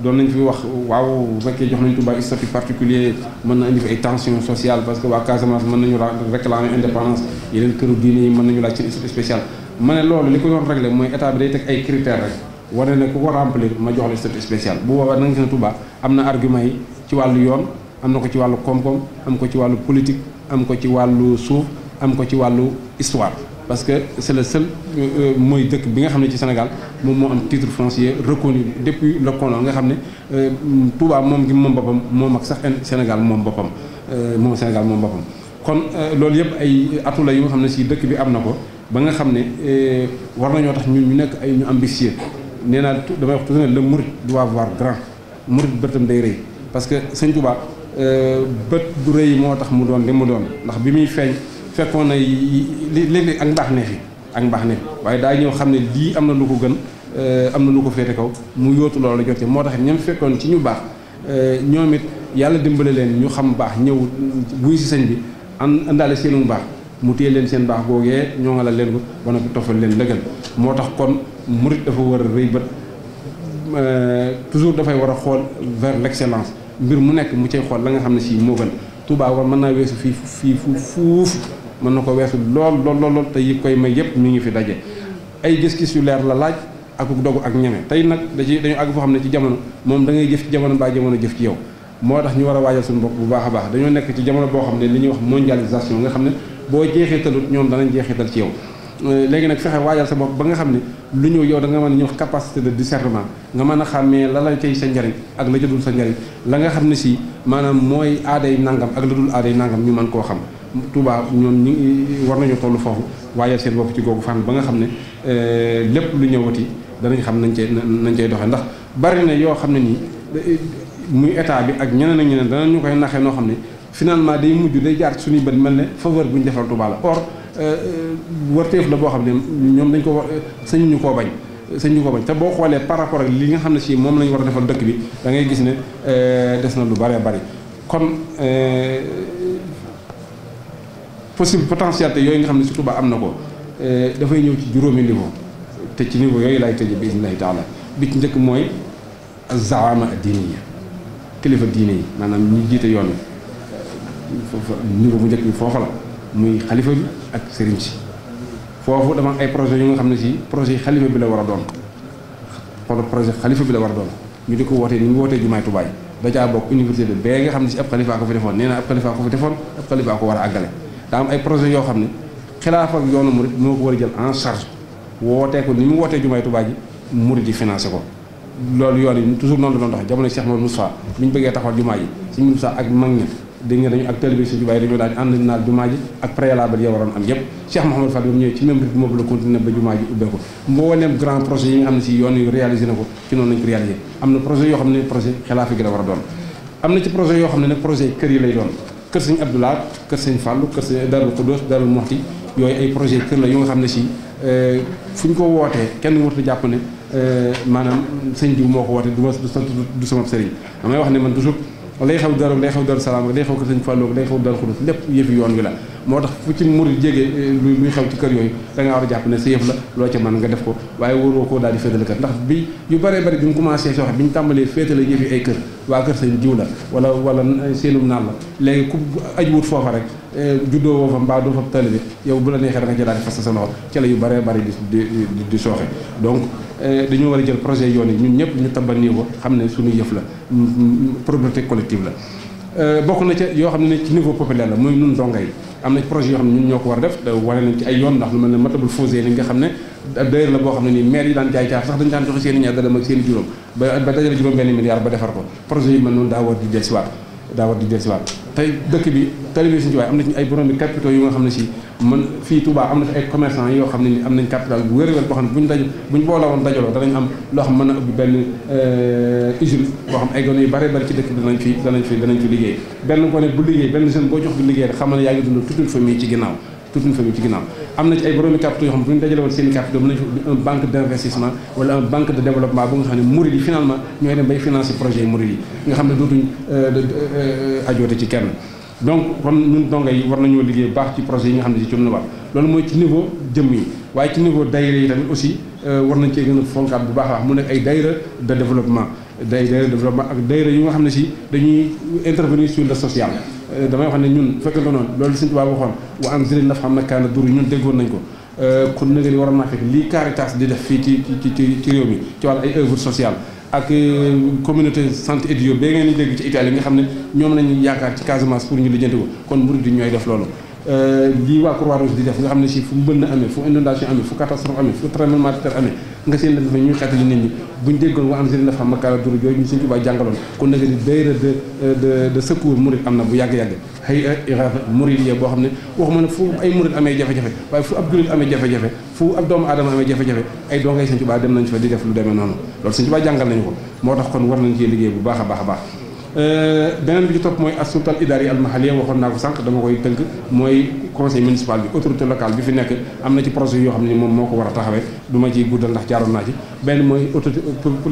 S1: doon nañ fi wax waaw bu fekkee jox nañ Touba statut particulier mën na indi fi ay tension sociale parce que waa Casamance mën nañu réclamer indépendance yeneen këru diine yi mën nañu laaj ci statut spécial ma ne loolu li ko doon régler mooy état bi day teg ay critères rek wane ne ku ko remplir ma jox la statut spécial bu boobaa na nga gis ne Touba am na argument yi ci wàllu yoon am na ko ci wàllu koom-koom am ko ci wàllu politique am ko ci wàllu suuf am ko ci wàllu histoire parce que c'est le seul euh, euh, mooy dëkk bi nga xam ne ci Sénégal moom moo am titre foncier reconnu depuis le colon nga xam ne euh, Touba moom gi moom boppam moom ak sax Sénégal moom boppam moom Sénégal moom boppam kon loolu yëpp ay atu la yu xam ne si dëkk bi am na ko ba nga xam ne war nañoo tax ñun ñu nekk ay ñu ambitieux nee naa damay wax toujours ne le murid doit voir grand murid bëtam day rëy parce que sëñ Touba Euh, bët bu rëy moo tax mu doon li mu doon ndax bi muy feeñ fekkoon na li léeg ak mbaax ne fi ak mbaax ne fi waaye daa ñëw xam ne lii am na lu ko gën euh, am na lu ko féete kaw mu yóotu loolu la jotee moo tax ñam fekkoon ci ñu baax euh, ñoom it yàlla dimbale leen ñu xam baax ñëw wuy si seen bi an àndaale seenu baax mu téye leen seen baax googee ñoo leen ko ba noppi tofal leen gën moo tax kon murit dafa war a rëy bët toujours dafay war a xool vers l'excellence mbir mu nekk mu cay xool la nga xam ne si moo gën Touba mën naa weesu fii fii fuuf mën na ko weesu lool lool lool te yi koy may yëpp mi ngi fi daje ay gis-gis yu leer la laaj ak dogu ak ñeme tey nag da ci dañu àgg foo xam ne ci jamono moom da ngay jëf ci jamono mbaa jamono jëf ci yow moo tax ñu war a waajal suñu bopp bu baax a baax dañoo nekk ci jamono boo xam ne li ñu wax mondialisation nga xam ne boo jeexeetalut ñoom danañ jeexeetal ci yow Euh, léegi nag fexe waajal sa bopp ba nga xam ne lu ñëw yow da nga mën a ñëw capacité de discernement nga mën a xàmmee la la cay sa njariñ ak la ca dul sa njariñ la nga xam ne si maanaam mooy aaday nangam ak la dul aaday nangam ñu mën koo xam Touba ñoom ñi war nañu toll foofu waajal seen bopp ci googu fan ba nga xam ne euh, lépp lu ñëwati danañ xam nañ cee nañ cey doxee ndax bari na yoo xam ne nii euh, muy état bi ak ñeneen ak ñeneen danañu koy naxee noo xam ne finalement mujj day jaar suñuy bët mel ne faveur bu ñu defal Touba la Euh, euh, warteef la boo xam ne ñoom lañ ko war sañu ñu bañ sañu ko bañ te boo xoolee par rapport ak li nga xam ne si moom la ñu war a defal dëkk bi da ngay gis ne euh, des na lu bëree bari kon possible potentialité yooyu nga xam ne si Touba am na ko dafay ñëw ci juróomi niveau te ci niveau yooyu laay tëjee bi isnillahi taala bi ci njëkk mooy zaama diine yi kilifa diine yi maanaam ñi jiite yoon foofa niveau bu njëkk bi foofa la muy xalifa bi ak sëriñ si foofu dama ay projet yu nga xam ne si projet yi xalifa bi la war a doon xool projet xalifa bi la war a ñu di ko wootee ni mu wootee jumaay tubaay da bokk université bi bee nga xam ne si ab xalifaa ko fi defoon nee naa ab xalifaa ko fi defoon ab xalifaa ko a projet yoo xam ne xilaaf ak yoonu murid moo war jël en charge wootee ko ni mu wootee jumaay tubaay ji mu yi financé ko loolu yoon yi toujours noonu la doon doxee jamono Cheikh Mouhamadou Moustapha bi ñu bëggee taxawal jumaa yi si Moustapha ak mag ñi dégg nga dañu ak télévision bi waaye dañoo daan ànd naal jumaa ji ak préalable ya waroon am yëpp Cheikh Mouhamadou Fall mu ñëwee ci même rythme boobu la continué ba jumaa ji ubbee ko mbooleem grand projet yi nga xam si yoon yu réalisé na ko ci noonu lañ ko réalisé am na projet yoo xam ne projet xilaafa gi la a doon am na ci projet yoo xam ne nag projet kër yi lay doon kër sëñ Abdoulaye kër sëñ Fallou kër sëñ Darou Khoudoss Darou Mouhty yooyu ay projet kër la yoo xam ne si euh, fu ñu ko wootee kenn warta jàpp ne euh, maanaam sëñ jiw moo ko woote du ma du sama sëriñ lay xew darom lay xew daru salaam lay xew ko sëñ Fallou lay xew daru xudus lépp yëfi yoon wi la moo tax fu ci murid jege eh, luy xew ci kër yooyu da war a jàpp ne sa yëf la loo ca mën nga def ko waaye waroo ko daal di féetale kër ndax bi yu bëree bëri bi mu commencé sooxe bi ñu tàmbalee féetale yëfi ay kër waa kër sëñ jiw la wala wala seenum naan la léegi ku ajuwut foofa rek Eh, juddoo woo fa mbaa doo fa taalibe yow bu la neexee da nga ci daal di fas sa loxo ci la yu bëree bëri di di di sooxe donc eh, dañoo war a jël projet yoon yi ñun ñëpp ñu tamba nii ko xam ne suñu yëf la propriété collective la eh, bokk na ca yi am na projet yoo xam ne ñun ñoo ko war a def wane nañ ci ay yoon ndax lu mel ne matabul fausé ni nga xam ne d'ailleurs la boo xam ne nii maire yi daan jaay caaf sax dañu daan joxe seen i ñaar dara ak juróom ba ba juróom benn milliard daa war di dellusiwaat tey dëkk bi talibé Sëriñ Tuubaa am na ci ay borom bi yu nga xam ne si man fi Touba am na fi ay commerçant yoo xam ne ni am nañ capital bu wér wér boo xam ne bu ñu daj bu ñu boole woon dajaloo danañ am loo xam mën a ubbi benn euh, usine boo xam ay gone yu bare bari ci dëkk bi danañ fi danañ fi danañ liggéey benn gone bu liggéey benn jeune boo jox bu liggéey rek xam ne yaa ngi dund tutul famille ci ginnaaw toute une famille ci ginnaaw am na ci ay boroomi capitaux yoo xam ne bu i capitaux mën nañu un banque d' investissement wala un banque de développement bu nga xam ne murid yi finalement ñooy dem bay financer projet yi murid yi nga xam ne dootuñ euh, euh, ajoote ci kenn donc kon ñun donga yi war nañoo liggéey baax ci projet yi nga xam ne si ci lu war loolu mooy ci niveau jëmm yi waaye ci niveau daayira yi tamit aussi euh, war nañ cee gën a fonkaat bu baax a baax mu nekk ay daayira de développement daayira de développement ak daayira yu nga xam ne si dañuy intervenir sur le social Euh, damay wax ne ñun fekk na noonu loolu si Tuubaa waxoon wa an ziril naf xam na kaana duru ñun déggoon nañ ko euh, kon nag li a naa fekk lii Caritas di def fii ci ci ci réew mi ci wàllu ay œuvre sociale ak euh, communauté santé et bio ba ngeen di dégg ci Italie nga xam ne ñoom lañu yaakaar ci Casamance pour ñu lijjanti ko kon murid yi ñooy def loolu lii euh, waa Croix-Rouge di def nga xam ne si fu mbënn amee fu inondation amee fu catastrophe amee fu tremblement de terre amee nga seen dafa ñuy xeetali am seen dafa makkaara duru yooyu ñu seen Tuubaa euh, am na bu yàgg-yàgg xëy euh, iraafa murid yee boo xam ne fu ay amee jafe-jafe fu ab jullit amee jafe-jafe fu ab doomu aadama amee jafe-jafe ay doongay seen di def lu demee noonu loolu seen Tuubaa jàngal nañu ko moo tax kon war nañ cee liggéey bu baax a baax a baax Euh, beneen bi ci topp mooy assuut al idaari al mahaliya waxoon naa ko sànq dama koy tënk mooy conseil municipal bi autorité locale bi fi nekk am na ci projet yoo xam ne moom moo ko war a taxawee du ma ciy guddal ndax jaaroon naa ci benn mooy autorité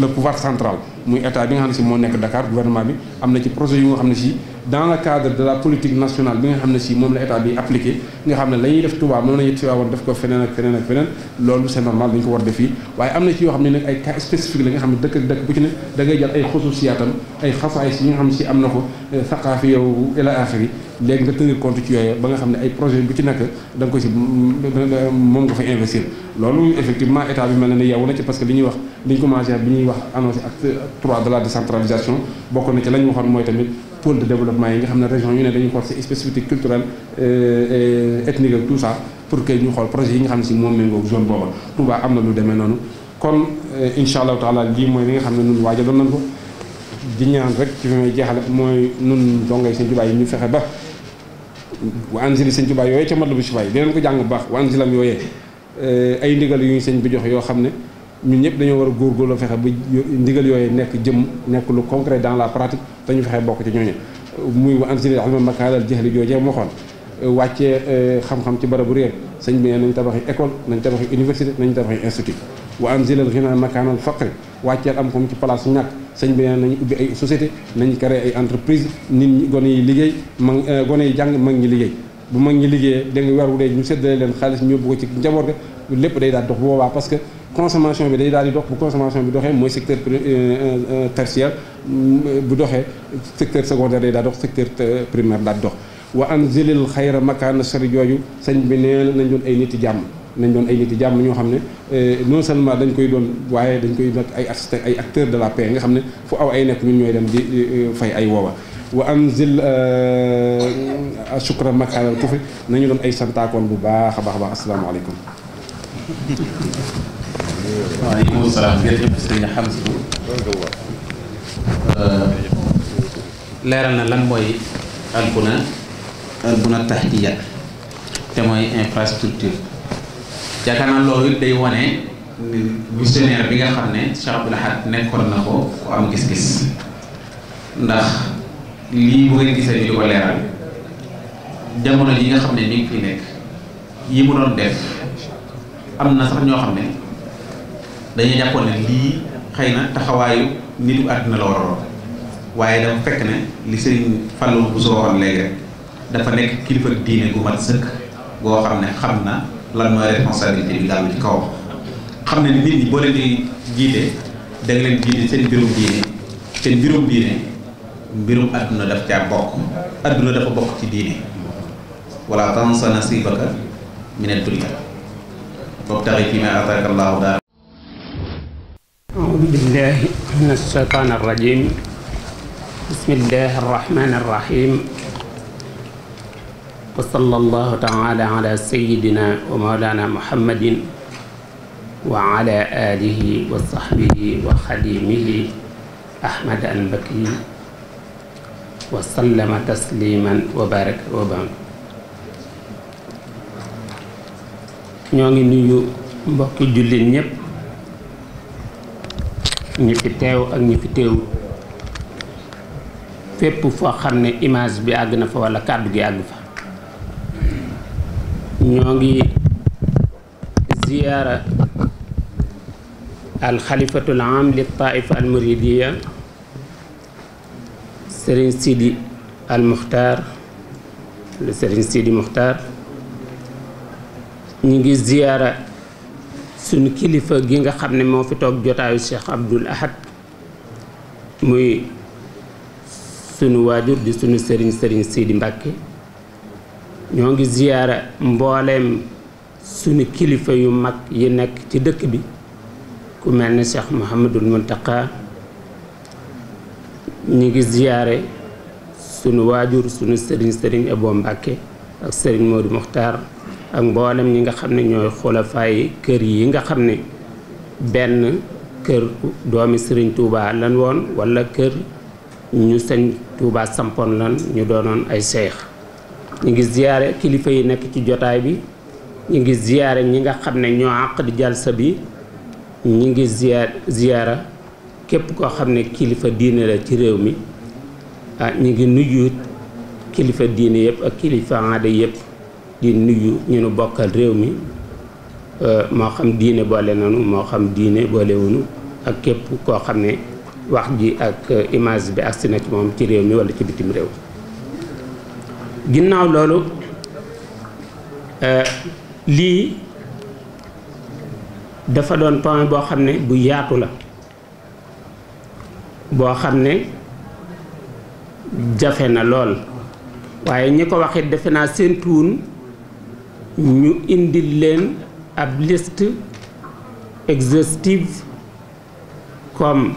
S1: le pouvoir central muy état bi nga xam ne si moo nekk Dakar gouvernement bi am na ci projet yu nga xam ne si dans le cadre de nationale bi nga xam ne si moom la état bi appliqué nga xam ne la ñuy def Touba moom la ñuy Tivaouane def ko feneen ak feneen loolu c'est normal dañu ko war def fii waaye am na ci yoo xam ne nag ay cas spécifique la nga xam ne dëkk dëkk bu ci ne da ngay jël ay xususiyaatam ay xasaay si yi nga xam ne si am na ko eh, saqaafi yow ila léegi nga tenir compte ci yooyu ne projet bu ci nekk da nga ko ci moom nga bi mel na na ci parce que li ñuy wax ñu commencé bi wax annoncé acte 3 de la décentralisation ci la ñu waxoon mooy tamit pôle de développement yi nga xam ne région yu ne si spécificité culturelle euh, et ak tout ça pour que ñu xool projet yi nga xam ne moom méngoo zone booba Touba am na lu demee noonu kon euh, incha allahu taala lii mooy li nga xam ne ñun waajaloon nañ ko di ñaan rek ci fi may jeexale mooy nun dongay seen jubaay yi ñu fexe ba wa anzili sëñ Tuubaa yooyee ca matlabu sifaay dinañ ko jàng bu baax wa anzilam yooyee eh, ay ndigal yu ñu sëñ bi jox yoo xam ne ñun ñëpp dañoo war a góorgóorlu fexe ba ndigal yooyee nekk jëm nekk lu concret dans la pratique te fexe bokk ci ñooñu muy wa anzili alma makaalal jahli joojee mu waxoon wàccee eh, xam-xam ci barabu réer sëñ bi nee nañ tabaxi école nañ tabaxi université nañ tabaxi institut wa anzilal ghina makaanal faqri wàcceel am comme ci place ñàkk sëñ bi nee nañu ubbi ay société nañ créé ay entreprise nit ñi gone yi liggéey mag eh, gone yi jàng mag ñi liggéey bu mag ñi liggéeyee da nga weer wu dee ñu séddale leen xaalis ñu yóbbu ko ci njaboot ga lépp day daal dox bu boobaa parce que consommation bi day daal di dox bu consommation bi doxee mooy secteur eh, eh, tertiaire mm, bu doxee secteur secondaire day daal dox secteur primaire daal dox wa anzilil xayra makaana seri jooju sëñ bi nee nañ doon ay nit jàmm nañ doon ay nit jàmm ñoo xam ne euh, non seulement dañ koy doon waaye dañ koy nekk ay assisté ay acteurs de la paix nga xam ne fu aw ay nekk ñun ñooy dem di euh, fay ay woowa wa am euh, shukra makaalal kufi nañu doon ay santaakoon bu baax a baax a baax asalaamaaleykum
S2: waaleykum salaam jërëjëf sëñ leeral na lan mooy albuna albuna tahtiya te mooy infrastructure yaakaar naa loolu day wane visionnaire bi nga xam ne Cheikh Abdoul nekkoon na ko ku am gis-gis ndax lii bu ngeen gisee ñu di ko leeral jamono ji nga xam ne mi ngi fi nekk yi mu doon def am na sax ñoo xam ne dañuy jàppoon ne lii xëy na taxawaayu nitu àdduna la waroon waaye dama fekk ne li Serigne Fallou bu soo waxoon léegi rek dafa nekk kilifa diine gu mat sëkk goo xam ne xam na lan mooy responsabilité bi daal ci kawam xam ne nit ñi boo leen di jiite da nga leen jiite seen mbirum diine seen mbirum diine mbirum adduna daf caa bokk adduna dafa bokk ci diine wala tansa nasibaka minal dunya wabtaxi fi ma ataka allahu daal
S3: audu billahi min alsheytaan wa sallallahu taala ala sayidina wa maulana muhammadin wa ala alihi wa sahbihi wa xadimihi ahmad al wa sallama tasliman wa baraka wa bam ñoo ngi nuyu mbokki jullit ñépp ñi fi teew ak ñi fi teew fépp foo xam ne image bi àgg na fa wala kàddu gi àgg fa ñoo ngi ziyaara alxalifatul am li taifa al muridiya sëriñ Sidi al Muxtaar le sëriñ Sidi Muxtaar ñu ngi ziyaara suñu kilifa gi nga xam ni moo fi toog jotaayu Cheikh Abdul Ahad muy sunu waajur di sunu sëriñ sëriñ Sidi Mbàkke ñoo ngi ziyaara mboolem suñu kilifa yu mag yi nekk ci dëkk bi ku mel ni Cheikh Mouhamadul Muntaqa ñu ngi ziyaare sunu waajur suñu sëriñ sëriñ Abo Mbàkke ak sëriñ Modou Muxtaar ak mboolem ñi nga xam ne ñooy xulafaay kër yi nga xam ne benn kër doomi sëriñ Touba lan woon walla kër ñu sëñ Touba sampoon lan ñu doonoon ay seex ñu ngi ziyaare kilifa yi nekk ci jotaay bi ñu ngi ziyaare ñi nga xam ne ñoo àq di jalsa bi ñu ngi ziyaar ziyaara képp koo xam ne kilifa diine la ci réew mi ah ñu ngi nuyuut kilifa diine yëpp ak kilifa aada yëpp di nuyu ñu nu bokkal réew mi ah, moo xam diine boole nanu moo xam diine boolewunu ak képp koo xam ne wax ji ak image bi agsi na ci moom ci réew mi walla ci bitim réew ginnaaw loolu euh, lii dafa doon point boo xam ne bu yaatu la boo xam ne jafe na lool waaye ñi ko waxit defe naa seen tuun ñu indil leen ab liste exhaustive comme.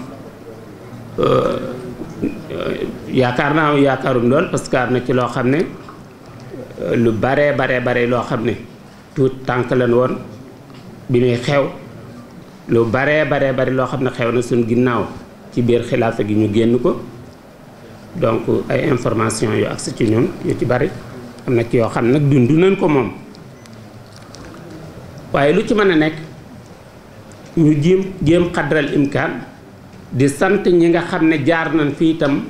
S3: Euh, Euh, yaakaar naa am yaakaarum lool parce que am na ci loo xam ne euh, lu baree baree bare loo xam ne tuut tànk lan woon bi muy xew lu baree baree bari loo xam ne xew na suñ ginnaaw ci biir xilaafa gi ñu génn ko donc ay information yu agsi ci ñun yu ci bari am na ci yoo xam nag dund nañ ko moom waaye lu ci mën a nekk ñu jéem jéem xadral imkaan di sant ñi nga xam ne jaar nañ fii itam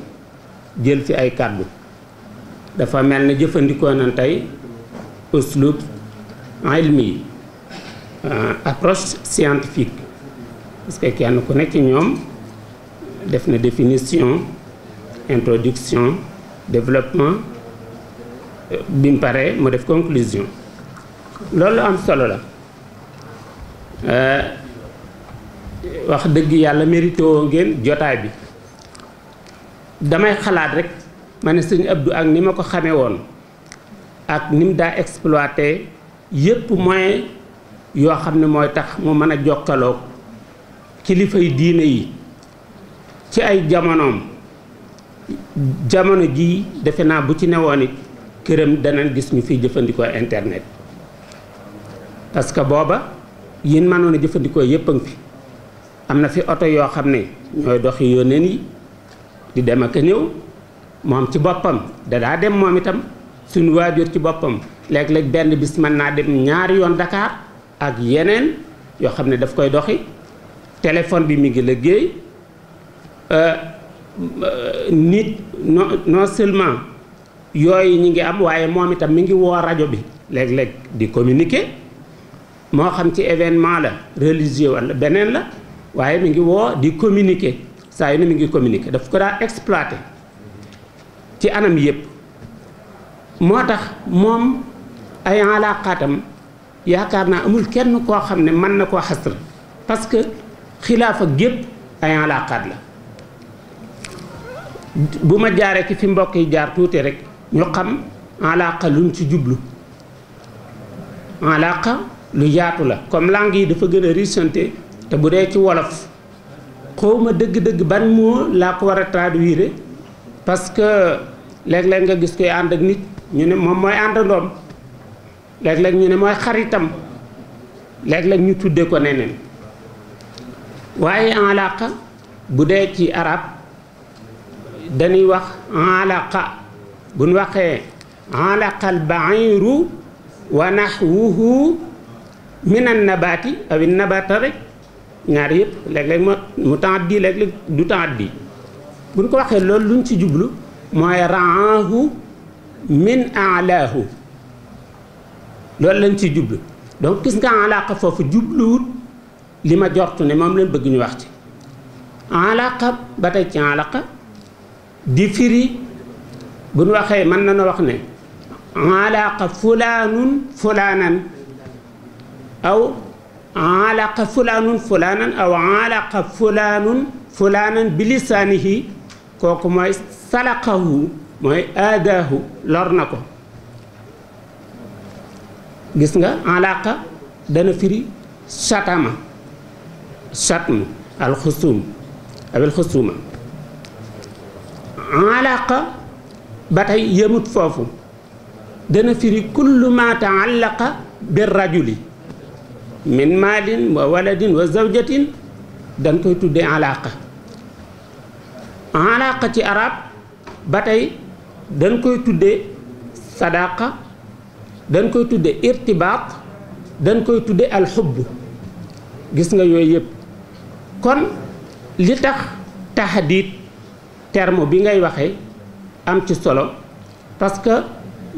S3: jël fi ay kàddu dafa mel ne jëfandikoo nañ tey uslub ilmi euh, approche scientifique parce que kenn ku nekk ci ñoom def na définition introduction développement euh, bi mu paree mu def conclusion loolu am solo la. Euh, wax dëgg yàlla mérité woo ngeen jotaay bi damay xalaat rek ma ne sëñ Abdou ak ni ma ko xame woon ak ni mu daa exploité yépp moyen yoo xam ne mooy tax mu mën a jokkaloo kilifay diine yi ci ay jamonoom jamono jii defe naa bu ci newoon it këram danañ gis ñu fiy jëfandikoo internet parce que booba yéen ma noonu jëfandikoo yépp a ngi fi am na fi oto yoo xam ne ñooy doxi yónneen yi di dem ak ñëw moom ci boppam dadaa dem moom itam suñu waajur ci boppam léeg-léeg benn bis man naa dem ñaari yoon Dakar ak yeneen yoo xam ne daf koy doxi téléphone bi mi ngi liggéey euh, euh, nit no non seulement yooyu ñi ngi am waaye moom itam mu ngi woo rajo bi léeg-léeg di communiquer moo xam ci événement la religieux walla beneen la waaye mi ngi woo di communiquer saa yu ne mi ngi communiquer dafa ko daa exploiter ci anam yëpp moo tax moom ay alaaqaatam yaakaar naa amul kenn koo xam ne mën na koo xasr parce que xilaafa gépp ay alaaqaat la bu ma jaaree ci fi mbokk yi jaar tuuti rek ñu xam alaaqa luñ ci jublu alaaqa lu yaatu la comme langue yi dafa gën a risante te bu dee ci wolof xawma dëgg-dëgg ban moo laa ko war a traduire parce que léeg-léeg nga gis koy ànd ak nit ñu ne moom mooy àndandoom léeg-léeg ñu ne mooy xaritam léeg-léeg ñu tuddee ko neneen waaye alaqa bu dee ci arab dañuy wax alaqa buñ waxee alaqal bairu wa naxwuhu min an nabaati aw nabata rek ñaar yëpp léeg-léeg ma mu taaddi léeg-léeg du taaddi bu ñu ko waxee lool luñ ci jublu mooy raahu min alaahu loolu lañ ci jublu donc gis nga alaaka foofu jubluwut li ma jortu ne moom lañ bëgg ñu wax ci alaaka ba tey ci alaaka di bu ñu waxee mën nañu wax ne alaaka fulaanun fulaanan aw alaqa fulaanun fulaanan aw alaqa fulaanun kooku mooy salaqahu mooy aadaahu lor na ko gis nga alaqa dana firi satama satmu alxusum awil xusuma alaqa ba tey yëmut foofu dana firi kullu ma taallaqa bi rajuli min maalin wa waladin wa zawjatin dañ koy tuddee alaaqa alaaqa ci arab ba tey dañ koy tuddee sadaqa dañ koy tuddee irtibaat dañ koy tuddee alxubb gis nga yooyu yëpp kon li tax taxdiit termo bi ngay waxee am ci solo parce que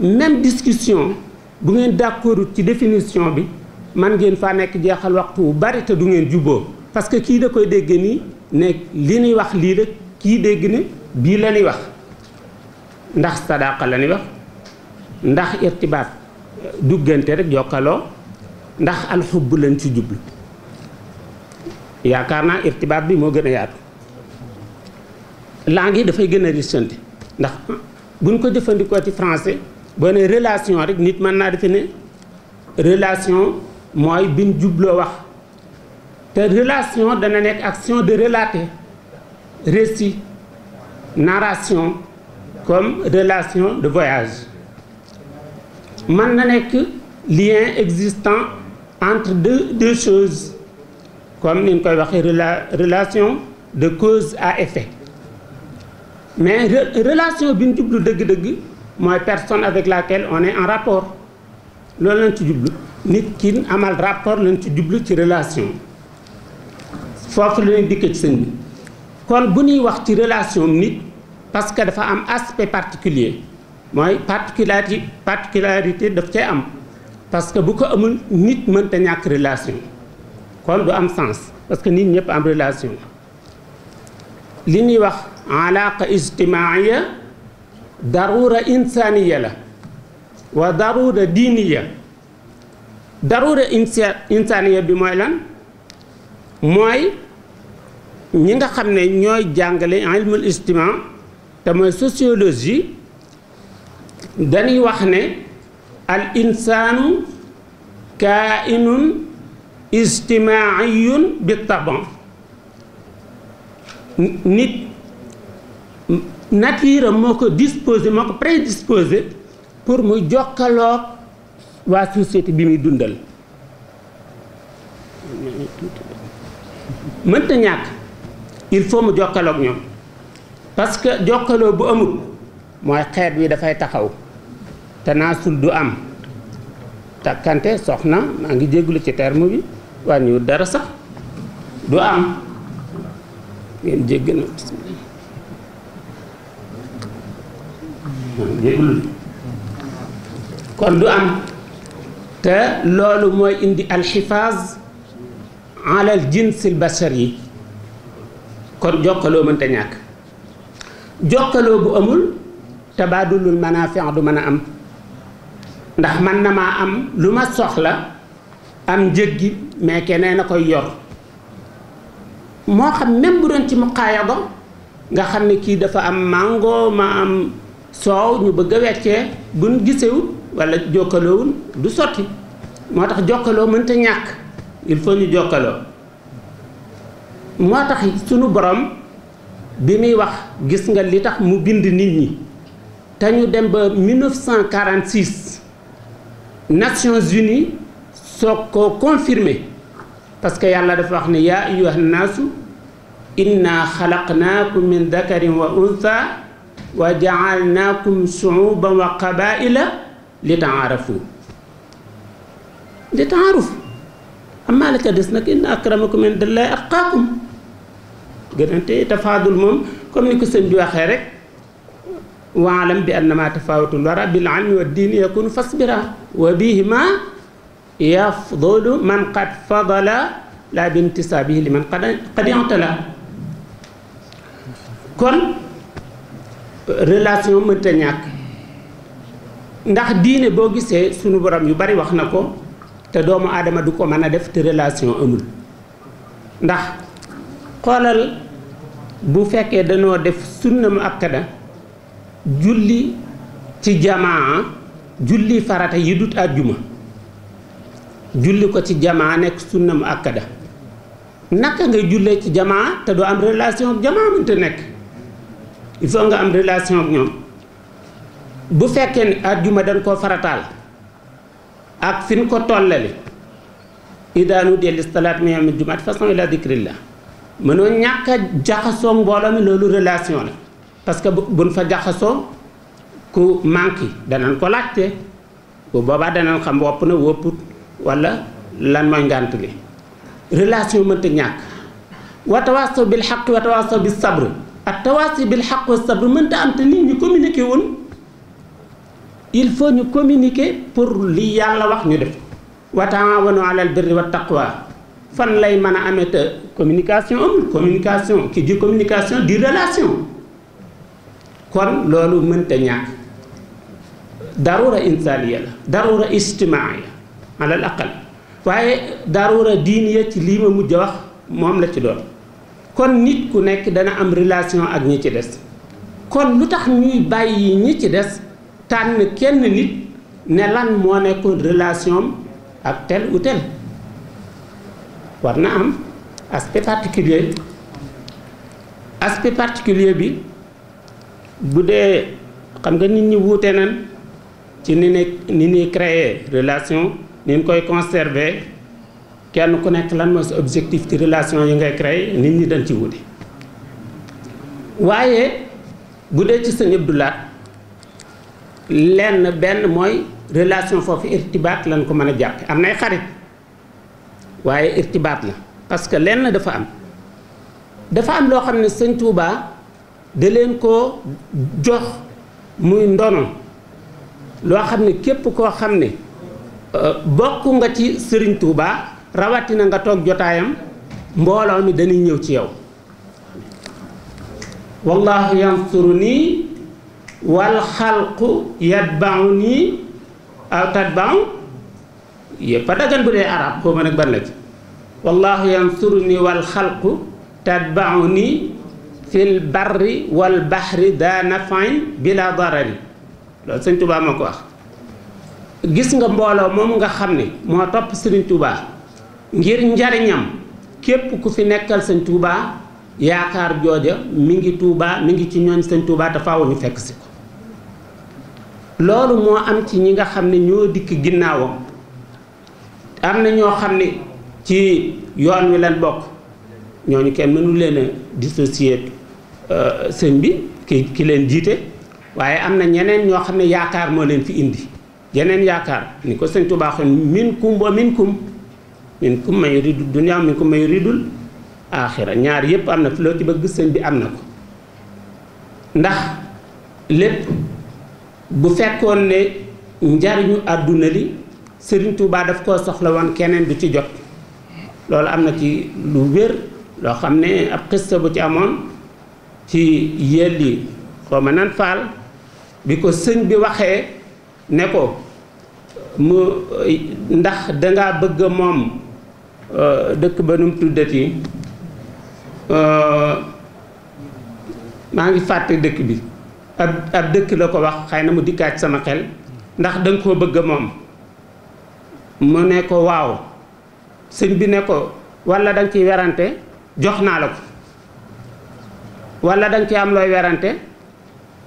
S3: même discussion bu ngeen d'accordut ci définition bi man ngeen faa nekk jeexal waxtu wu bari te du ngeen jubboo parce que kii da koy dégg ni ne li ñuy wax lii la kii dégg ne bii la ñuy wax ndax sadaqa la ñuy wax ndax irtibaat duggante rek jokkaloo ndax alxubb lañ ci jublu yaakaar naa irtibaat bi moo gën a yaatu langue yi dafay gën a risante ndax buñ ko jëfandikoo ci français boo ne relation rek nit mën naa defe ne relation mooy bin jubloo wax te relation dana nekk action de relater récit narration comme relation de voyage man na nekk lien existant entre de deux choses comme ni ñu koy waxee relation de cause à effet mais re relation bi ñu jublu dëgg-dëgg mooy personne avec laquelle on est en rapport loolu lañ ci jublu nit kii amal rapport lañ ci jublu ci relation foofu la ñuy dikkee bi kon bu ñuy wax ci relation nit parce que dafa am aspect particulier mooy particularité particularité daf cay am parce que bu ko amul nit mënta ñàkk relation kon du am sens parce que nit ñëpp am relation li ñuy wax alaqa ijtimaia darura insaniya la wa darura diiniya daruura insaaniya bi mooy lan mooy ñi nga xam ne ñooy jàngale ilmul ijtimaa te mooy sociologie dañuy wax ne al insaanu kaainun ijtimaayun bi taban nit nature moo ko disposé moo ko prédisposé pour mu jokkaloog waa société bi muy dundal mënta ñàkk il faut mu jokkaloog ñoom parce que jokkaloo bu amul mooy xeet wi dafay taxaw te naasul du am takkante soxna maa ngi jéggulu ci terme bi wàññiwul dara sax du am ngeen jégg na kon du am te loolu mooy indi alxifaaz alal jinsil bashar yi kon jokkaloo mënta ñàkk jokkaloo bu amul tabaadulul manaafi du mën a am ndax man na maa am lu ma soxla am njëg gi mais keneen a koy yor moo xam même bu doon ci muqaayago nga xam ne kii dafa am màngo ma am soow ñu bëgg a weccee buñ gisewut wala jokkaloowul du sotti moo tax jokkaloo mënta ñàkk il faut ñu jokkaloo moo tax sunu borom bi muy wax gis nga li tax mu bind nit ñi te ñu dem ba 1946 Nations Unies soog koo confirmé parce que yàlla dafa wax ne yaa ayyuhan naasu inna xalaqnaakum min dakarin wa untha wa jaalnaakum shuuban wa qabaila li taarafu li taaruf amaa la ca des nag inna akramakum indallahi atqaakum gënante tafaadul moom comme ni ko sëñ bi rek waalam bi annama tafaawatul wara bil ilmi wa diini yakunu fasbira wa bihima yafdulu man qad fadala la bi intisaabihi li man qad kon relation mënta ñàkk ndax diine boo gisee sunu borom yu bari wax na ko te doomu aadama du ko mën a def te relation amul ndax xoolal bu fekkee dañoo def sunna mu akkada julli ci jamaa julli farata yi dut àjjuma julli ko ci jamaa nekk sunna mu akkada naka nga jullee ci jamaa te doo am relation ak jamaa mënta nekk il faut nga am relation ak ñoom bu fekkee ne àjjuma dañ koo farataal ak fi ko tollali idaanu delli salaat mi am jumaat façon ila dikrillah mënoo ñàkk a jaxasoo mbooloo mi loolu relation la parce que buñ fa jaxasoo ku manqué danañ ko laajte bu boobaa danañ xam wopp na wópput wala lan mooy ngànt li relation mënta ñàkk wa bil xaq wa tawaasaw bis ak tawaasaw bil xaq wa mënta am te nit ñi communiqué woon il faut ñu communiquer pour li yàlla wax ñu def wa taawanu alal birri wa taqwa fan lay mën a amee communication amul communication qui dit communication dit relation kon loolu mënta ñàkk darura insaniya la darura ijtimaaya alal aqal waaye darura diiniya ci lii ma mujj a wax moom la ci doon kon nit ku nekk dana am relation ak ñi ci des kon lu tax ñuy bàyyi ñi ci des tànn kenn nit ne lan moo nekkoon relation ak tel ou war na am aspect particulier aspect particulier bi bu dee xam nga nit ñi wuute nan ci ni ne ni ñuy créer relation ni ñu koy conserver kenn ku nekk lan mooy sa objectif ci relation yi ngay créer nit ñi dañ ci wuute waaye bu dee ci Sëñ du laat lenn benn mooy relation foofu irtibaat lañ ko mën a jàppe am nay xarit waaye irtibaat la parce que lenn dafa am dafa am loo xam ne sëñ Touba da leen ko jox muy ndono loo xam ne képp koo xam ne euh, bokk nga ci sëriñ Touba rawatina nga toog jotaayam mbooloo mi dañuy ñëw ci yow wallahu yansuru nii wal xalqu yatbau nii aw tatbau yëpp a dagan bu dee arab xaw ma nag ban la ci wallahu yansuru ni wal xalqu tatbau nii fil barri wal baxri daa nafain bila darari loolu sëñ Tuubaa moo ko wax gis nga mbooloo moom nga xam ni moo topp sëriñ Tuubaa ngir njariñam képp ku fi nekkal sëñ Tuubaa yaakaar jooja mu ngi Tuubaa mi ngi ci ñooñ sëñ Tuubaa te faaw ñu fekk si ko loolu moo am ci ñi nga xam ne ñoo dikk ginnaawam am na ñoo xam ne ci yoon wi leen bokk ñooñu kenn mënu leen a dissocier euh, sëñ bi ki ki leen jiite waaye am na ñeneen ñoo xam ne yaakaar moo leen fi indi yeneen yaakaar ni ko sëñ Tuubaa xoon min kum ba min kum min kum ma yuridu dunya min kum ma yuridul aaxira ñaar yépp am na fi loo ci bëgg sëñ bi am na ko ndax lépp bu fekkoon ne njariñu àdduna li Sëriñ Tuubaa daf ko soxla woon keneen du ci jot loolu am na ci lu wér loo xam ne ab xista bu ci amoon ci yelli xaw ma nan faal bi ko sëñ bi waxee ne ko mu ndax dangaa bëgg moom euh, dëkk ba num tuddati euh, maa ngi fàtte dëkk bi ab ab dëkk la ko wax xay na mu dikkaat sama xel ndax danga koo bëgg moom mu ne ko waaw sëñ bi ne ko walla danga ciy werante jox naa la ko wala danga ci am looy werante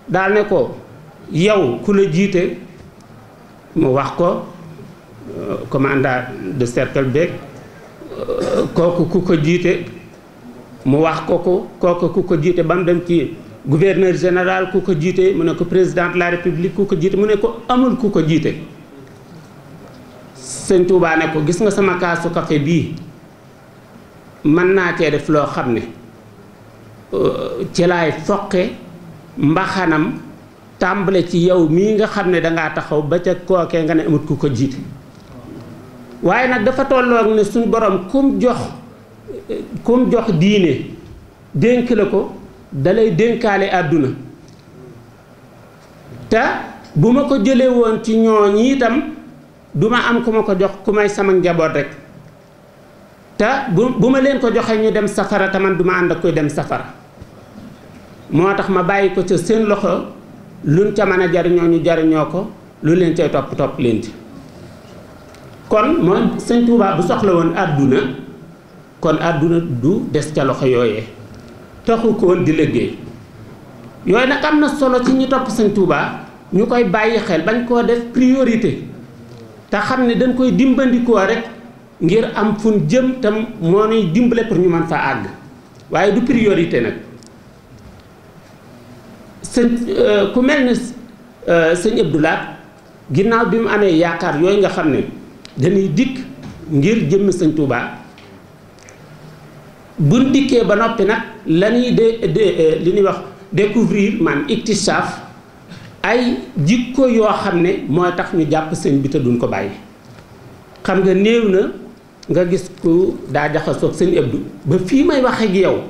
S3: daal ne ko yow ku la jiite mu wax ko euh, commandant de beeg euh, kooku ku ko jiite mu wax ko ko kooku ku ko jiite ba mu dem ci gouverneur général ku ko jiite mu ne ko président de la république ku ko jiite mu ne ko amul ku ko jiite sëñ Tuubaa ne ko gis nga sama kaasu café bii mën naa cee def loo xam ne euh, ci laay foqe mbaxanam tàmbale ci yow mii nga xam ne dangaa taxaw ba ca kookee nga ne amut ku ko jiite waaye nag dafa tolloog ne suñ borom kum jox kum jox diine dénk la ko dalay dénkaale àdduna te bu ma ko jëlee woon ci ñoo ñooñi itam du ma am ku ma ko jox ku may sama njaboot rek te bu bu ma leen ko joxee ñu dem safara te man duma ànd ak koy dem safara moo tax ma bàyyi ko ca seen loxo luñ ca mën a jariñoo ñu jariñoo ko lu leen cay topp topp leen ci kon mooy sëñ Tuubaa bu soxla woon àdduna kon àdduna du des ca loxo yooyee taxu ko woon di liggéey nag am na solo ci ñu topp sëñ Touba ñu koy bàyyi xel bañ koo def priorité te xam ne dañ koy dimbandikoo rek ngir am fun jëm tam moo nuy dimbale pour ñu mën fa àgg waaye du priorité nag sëñ euh, ku mel ni euh, sëñ Abdou ginnaaw bi mu amee yaakaar yooyu nga xam ne dañuy dikk ngir jëmm sëñ Touba buñ dikkee ba noppi nag la de de euh, li ñuy wax découvrir maanaam iktisaaf ay jikko yoo xam ne mooy tax ñu jàpp sëñ bi te duñ ko bàyyi xam nga néew na nga gis ko daa jaxasoog sëñ Abdu ba fii may wax ak yow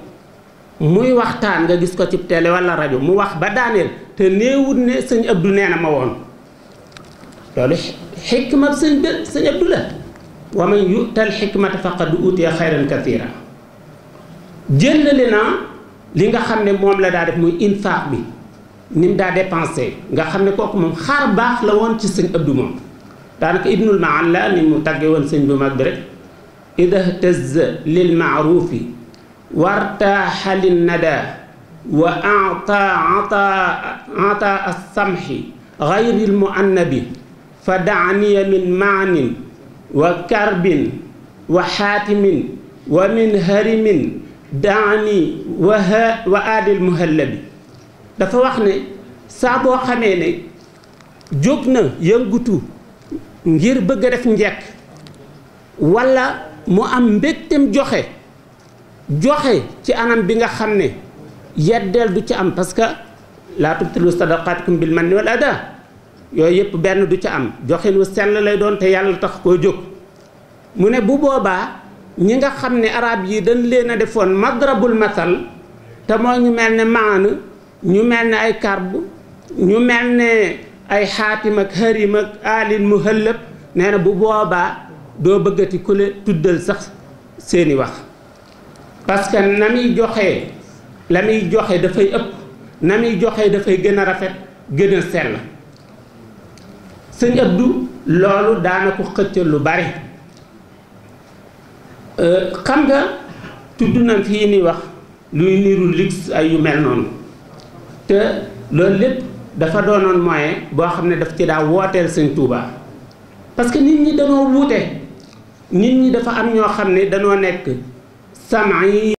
S3: muy waxtaan nga gis ko ci télé wala rajo mu wax ba daaneel te néewut ne sëñ Abdu nee na ma woon loolu xikma sëñ sëñ Abdu la wa man yu'tal xikmata faqad utiya xayran kathiira jëllale naa li nga xam ne moom la daa def muy infaq bi ni mu daa dépensé nga xam ne kooku moom xaar baax la woon ci sëñ Abdou moom daanaka ibnul maan la ni mu tagge woon sëñ bu mag bi rek idhtaz lil maarufi wartaaxa lin nada wa ata ata ata alsamxi gayri lmuannabi fa daaniya min maanin wa karbin wa xaatimin wa min harimin daani wa ha wa aadil muhallabi dafa wax ne saa boo xamee ne jóg na yëngutu ngir bëgg a def njekk walla mu am mbégtem joxe joxe ci anam bi nga xam ne yeddeel du ci am parce que laa tubtilu sadaqaatikum bil manni wal adaa yooyu yëpp benn du ci am joxin wu sell lay doon te yàlla tax koo jóg mu ne bu boobaa ñi nga xam ne araab yi dañ leen a defoon madrabul matal te mooy ñu mel ne maan ñu mel ne ay karb ñu mel ne ay xaatim ak harim ak alin muhallab nee na bu boobaa doo bëggati ku le tuddal sax seeni wax parce que na muy joxe la muy joxe dafay ëpp na muy joxe dafay gën a rafet gën a sell sëñ Abdou loolu daana ko lu bari Euh, xam nga tudd na fii ni wax luy niru luxe ay yu mel noonu te loolu lépp dafa doonoon moyen boo xam ne daf ci daa wooteel sëñ Touba parce que nit ñi danoo wuute nit ñi dafa am ñoo xam ne danoo nekk sama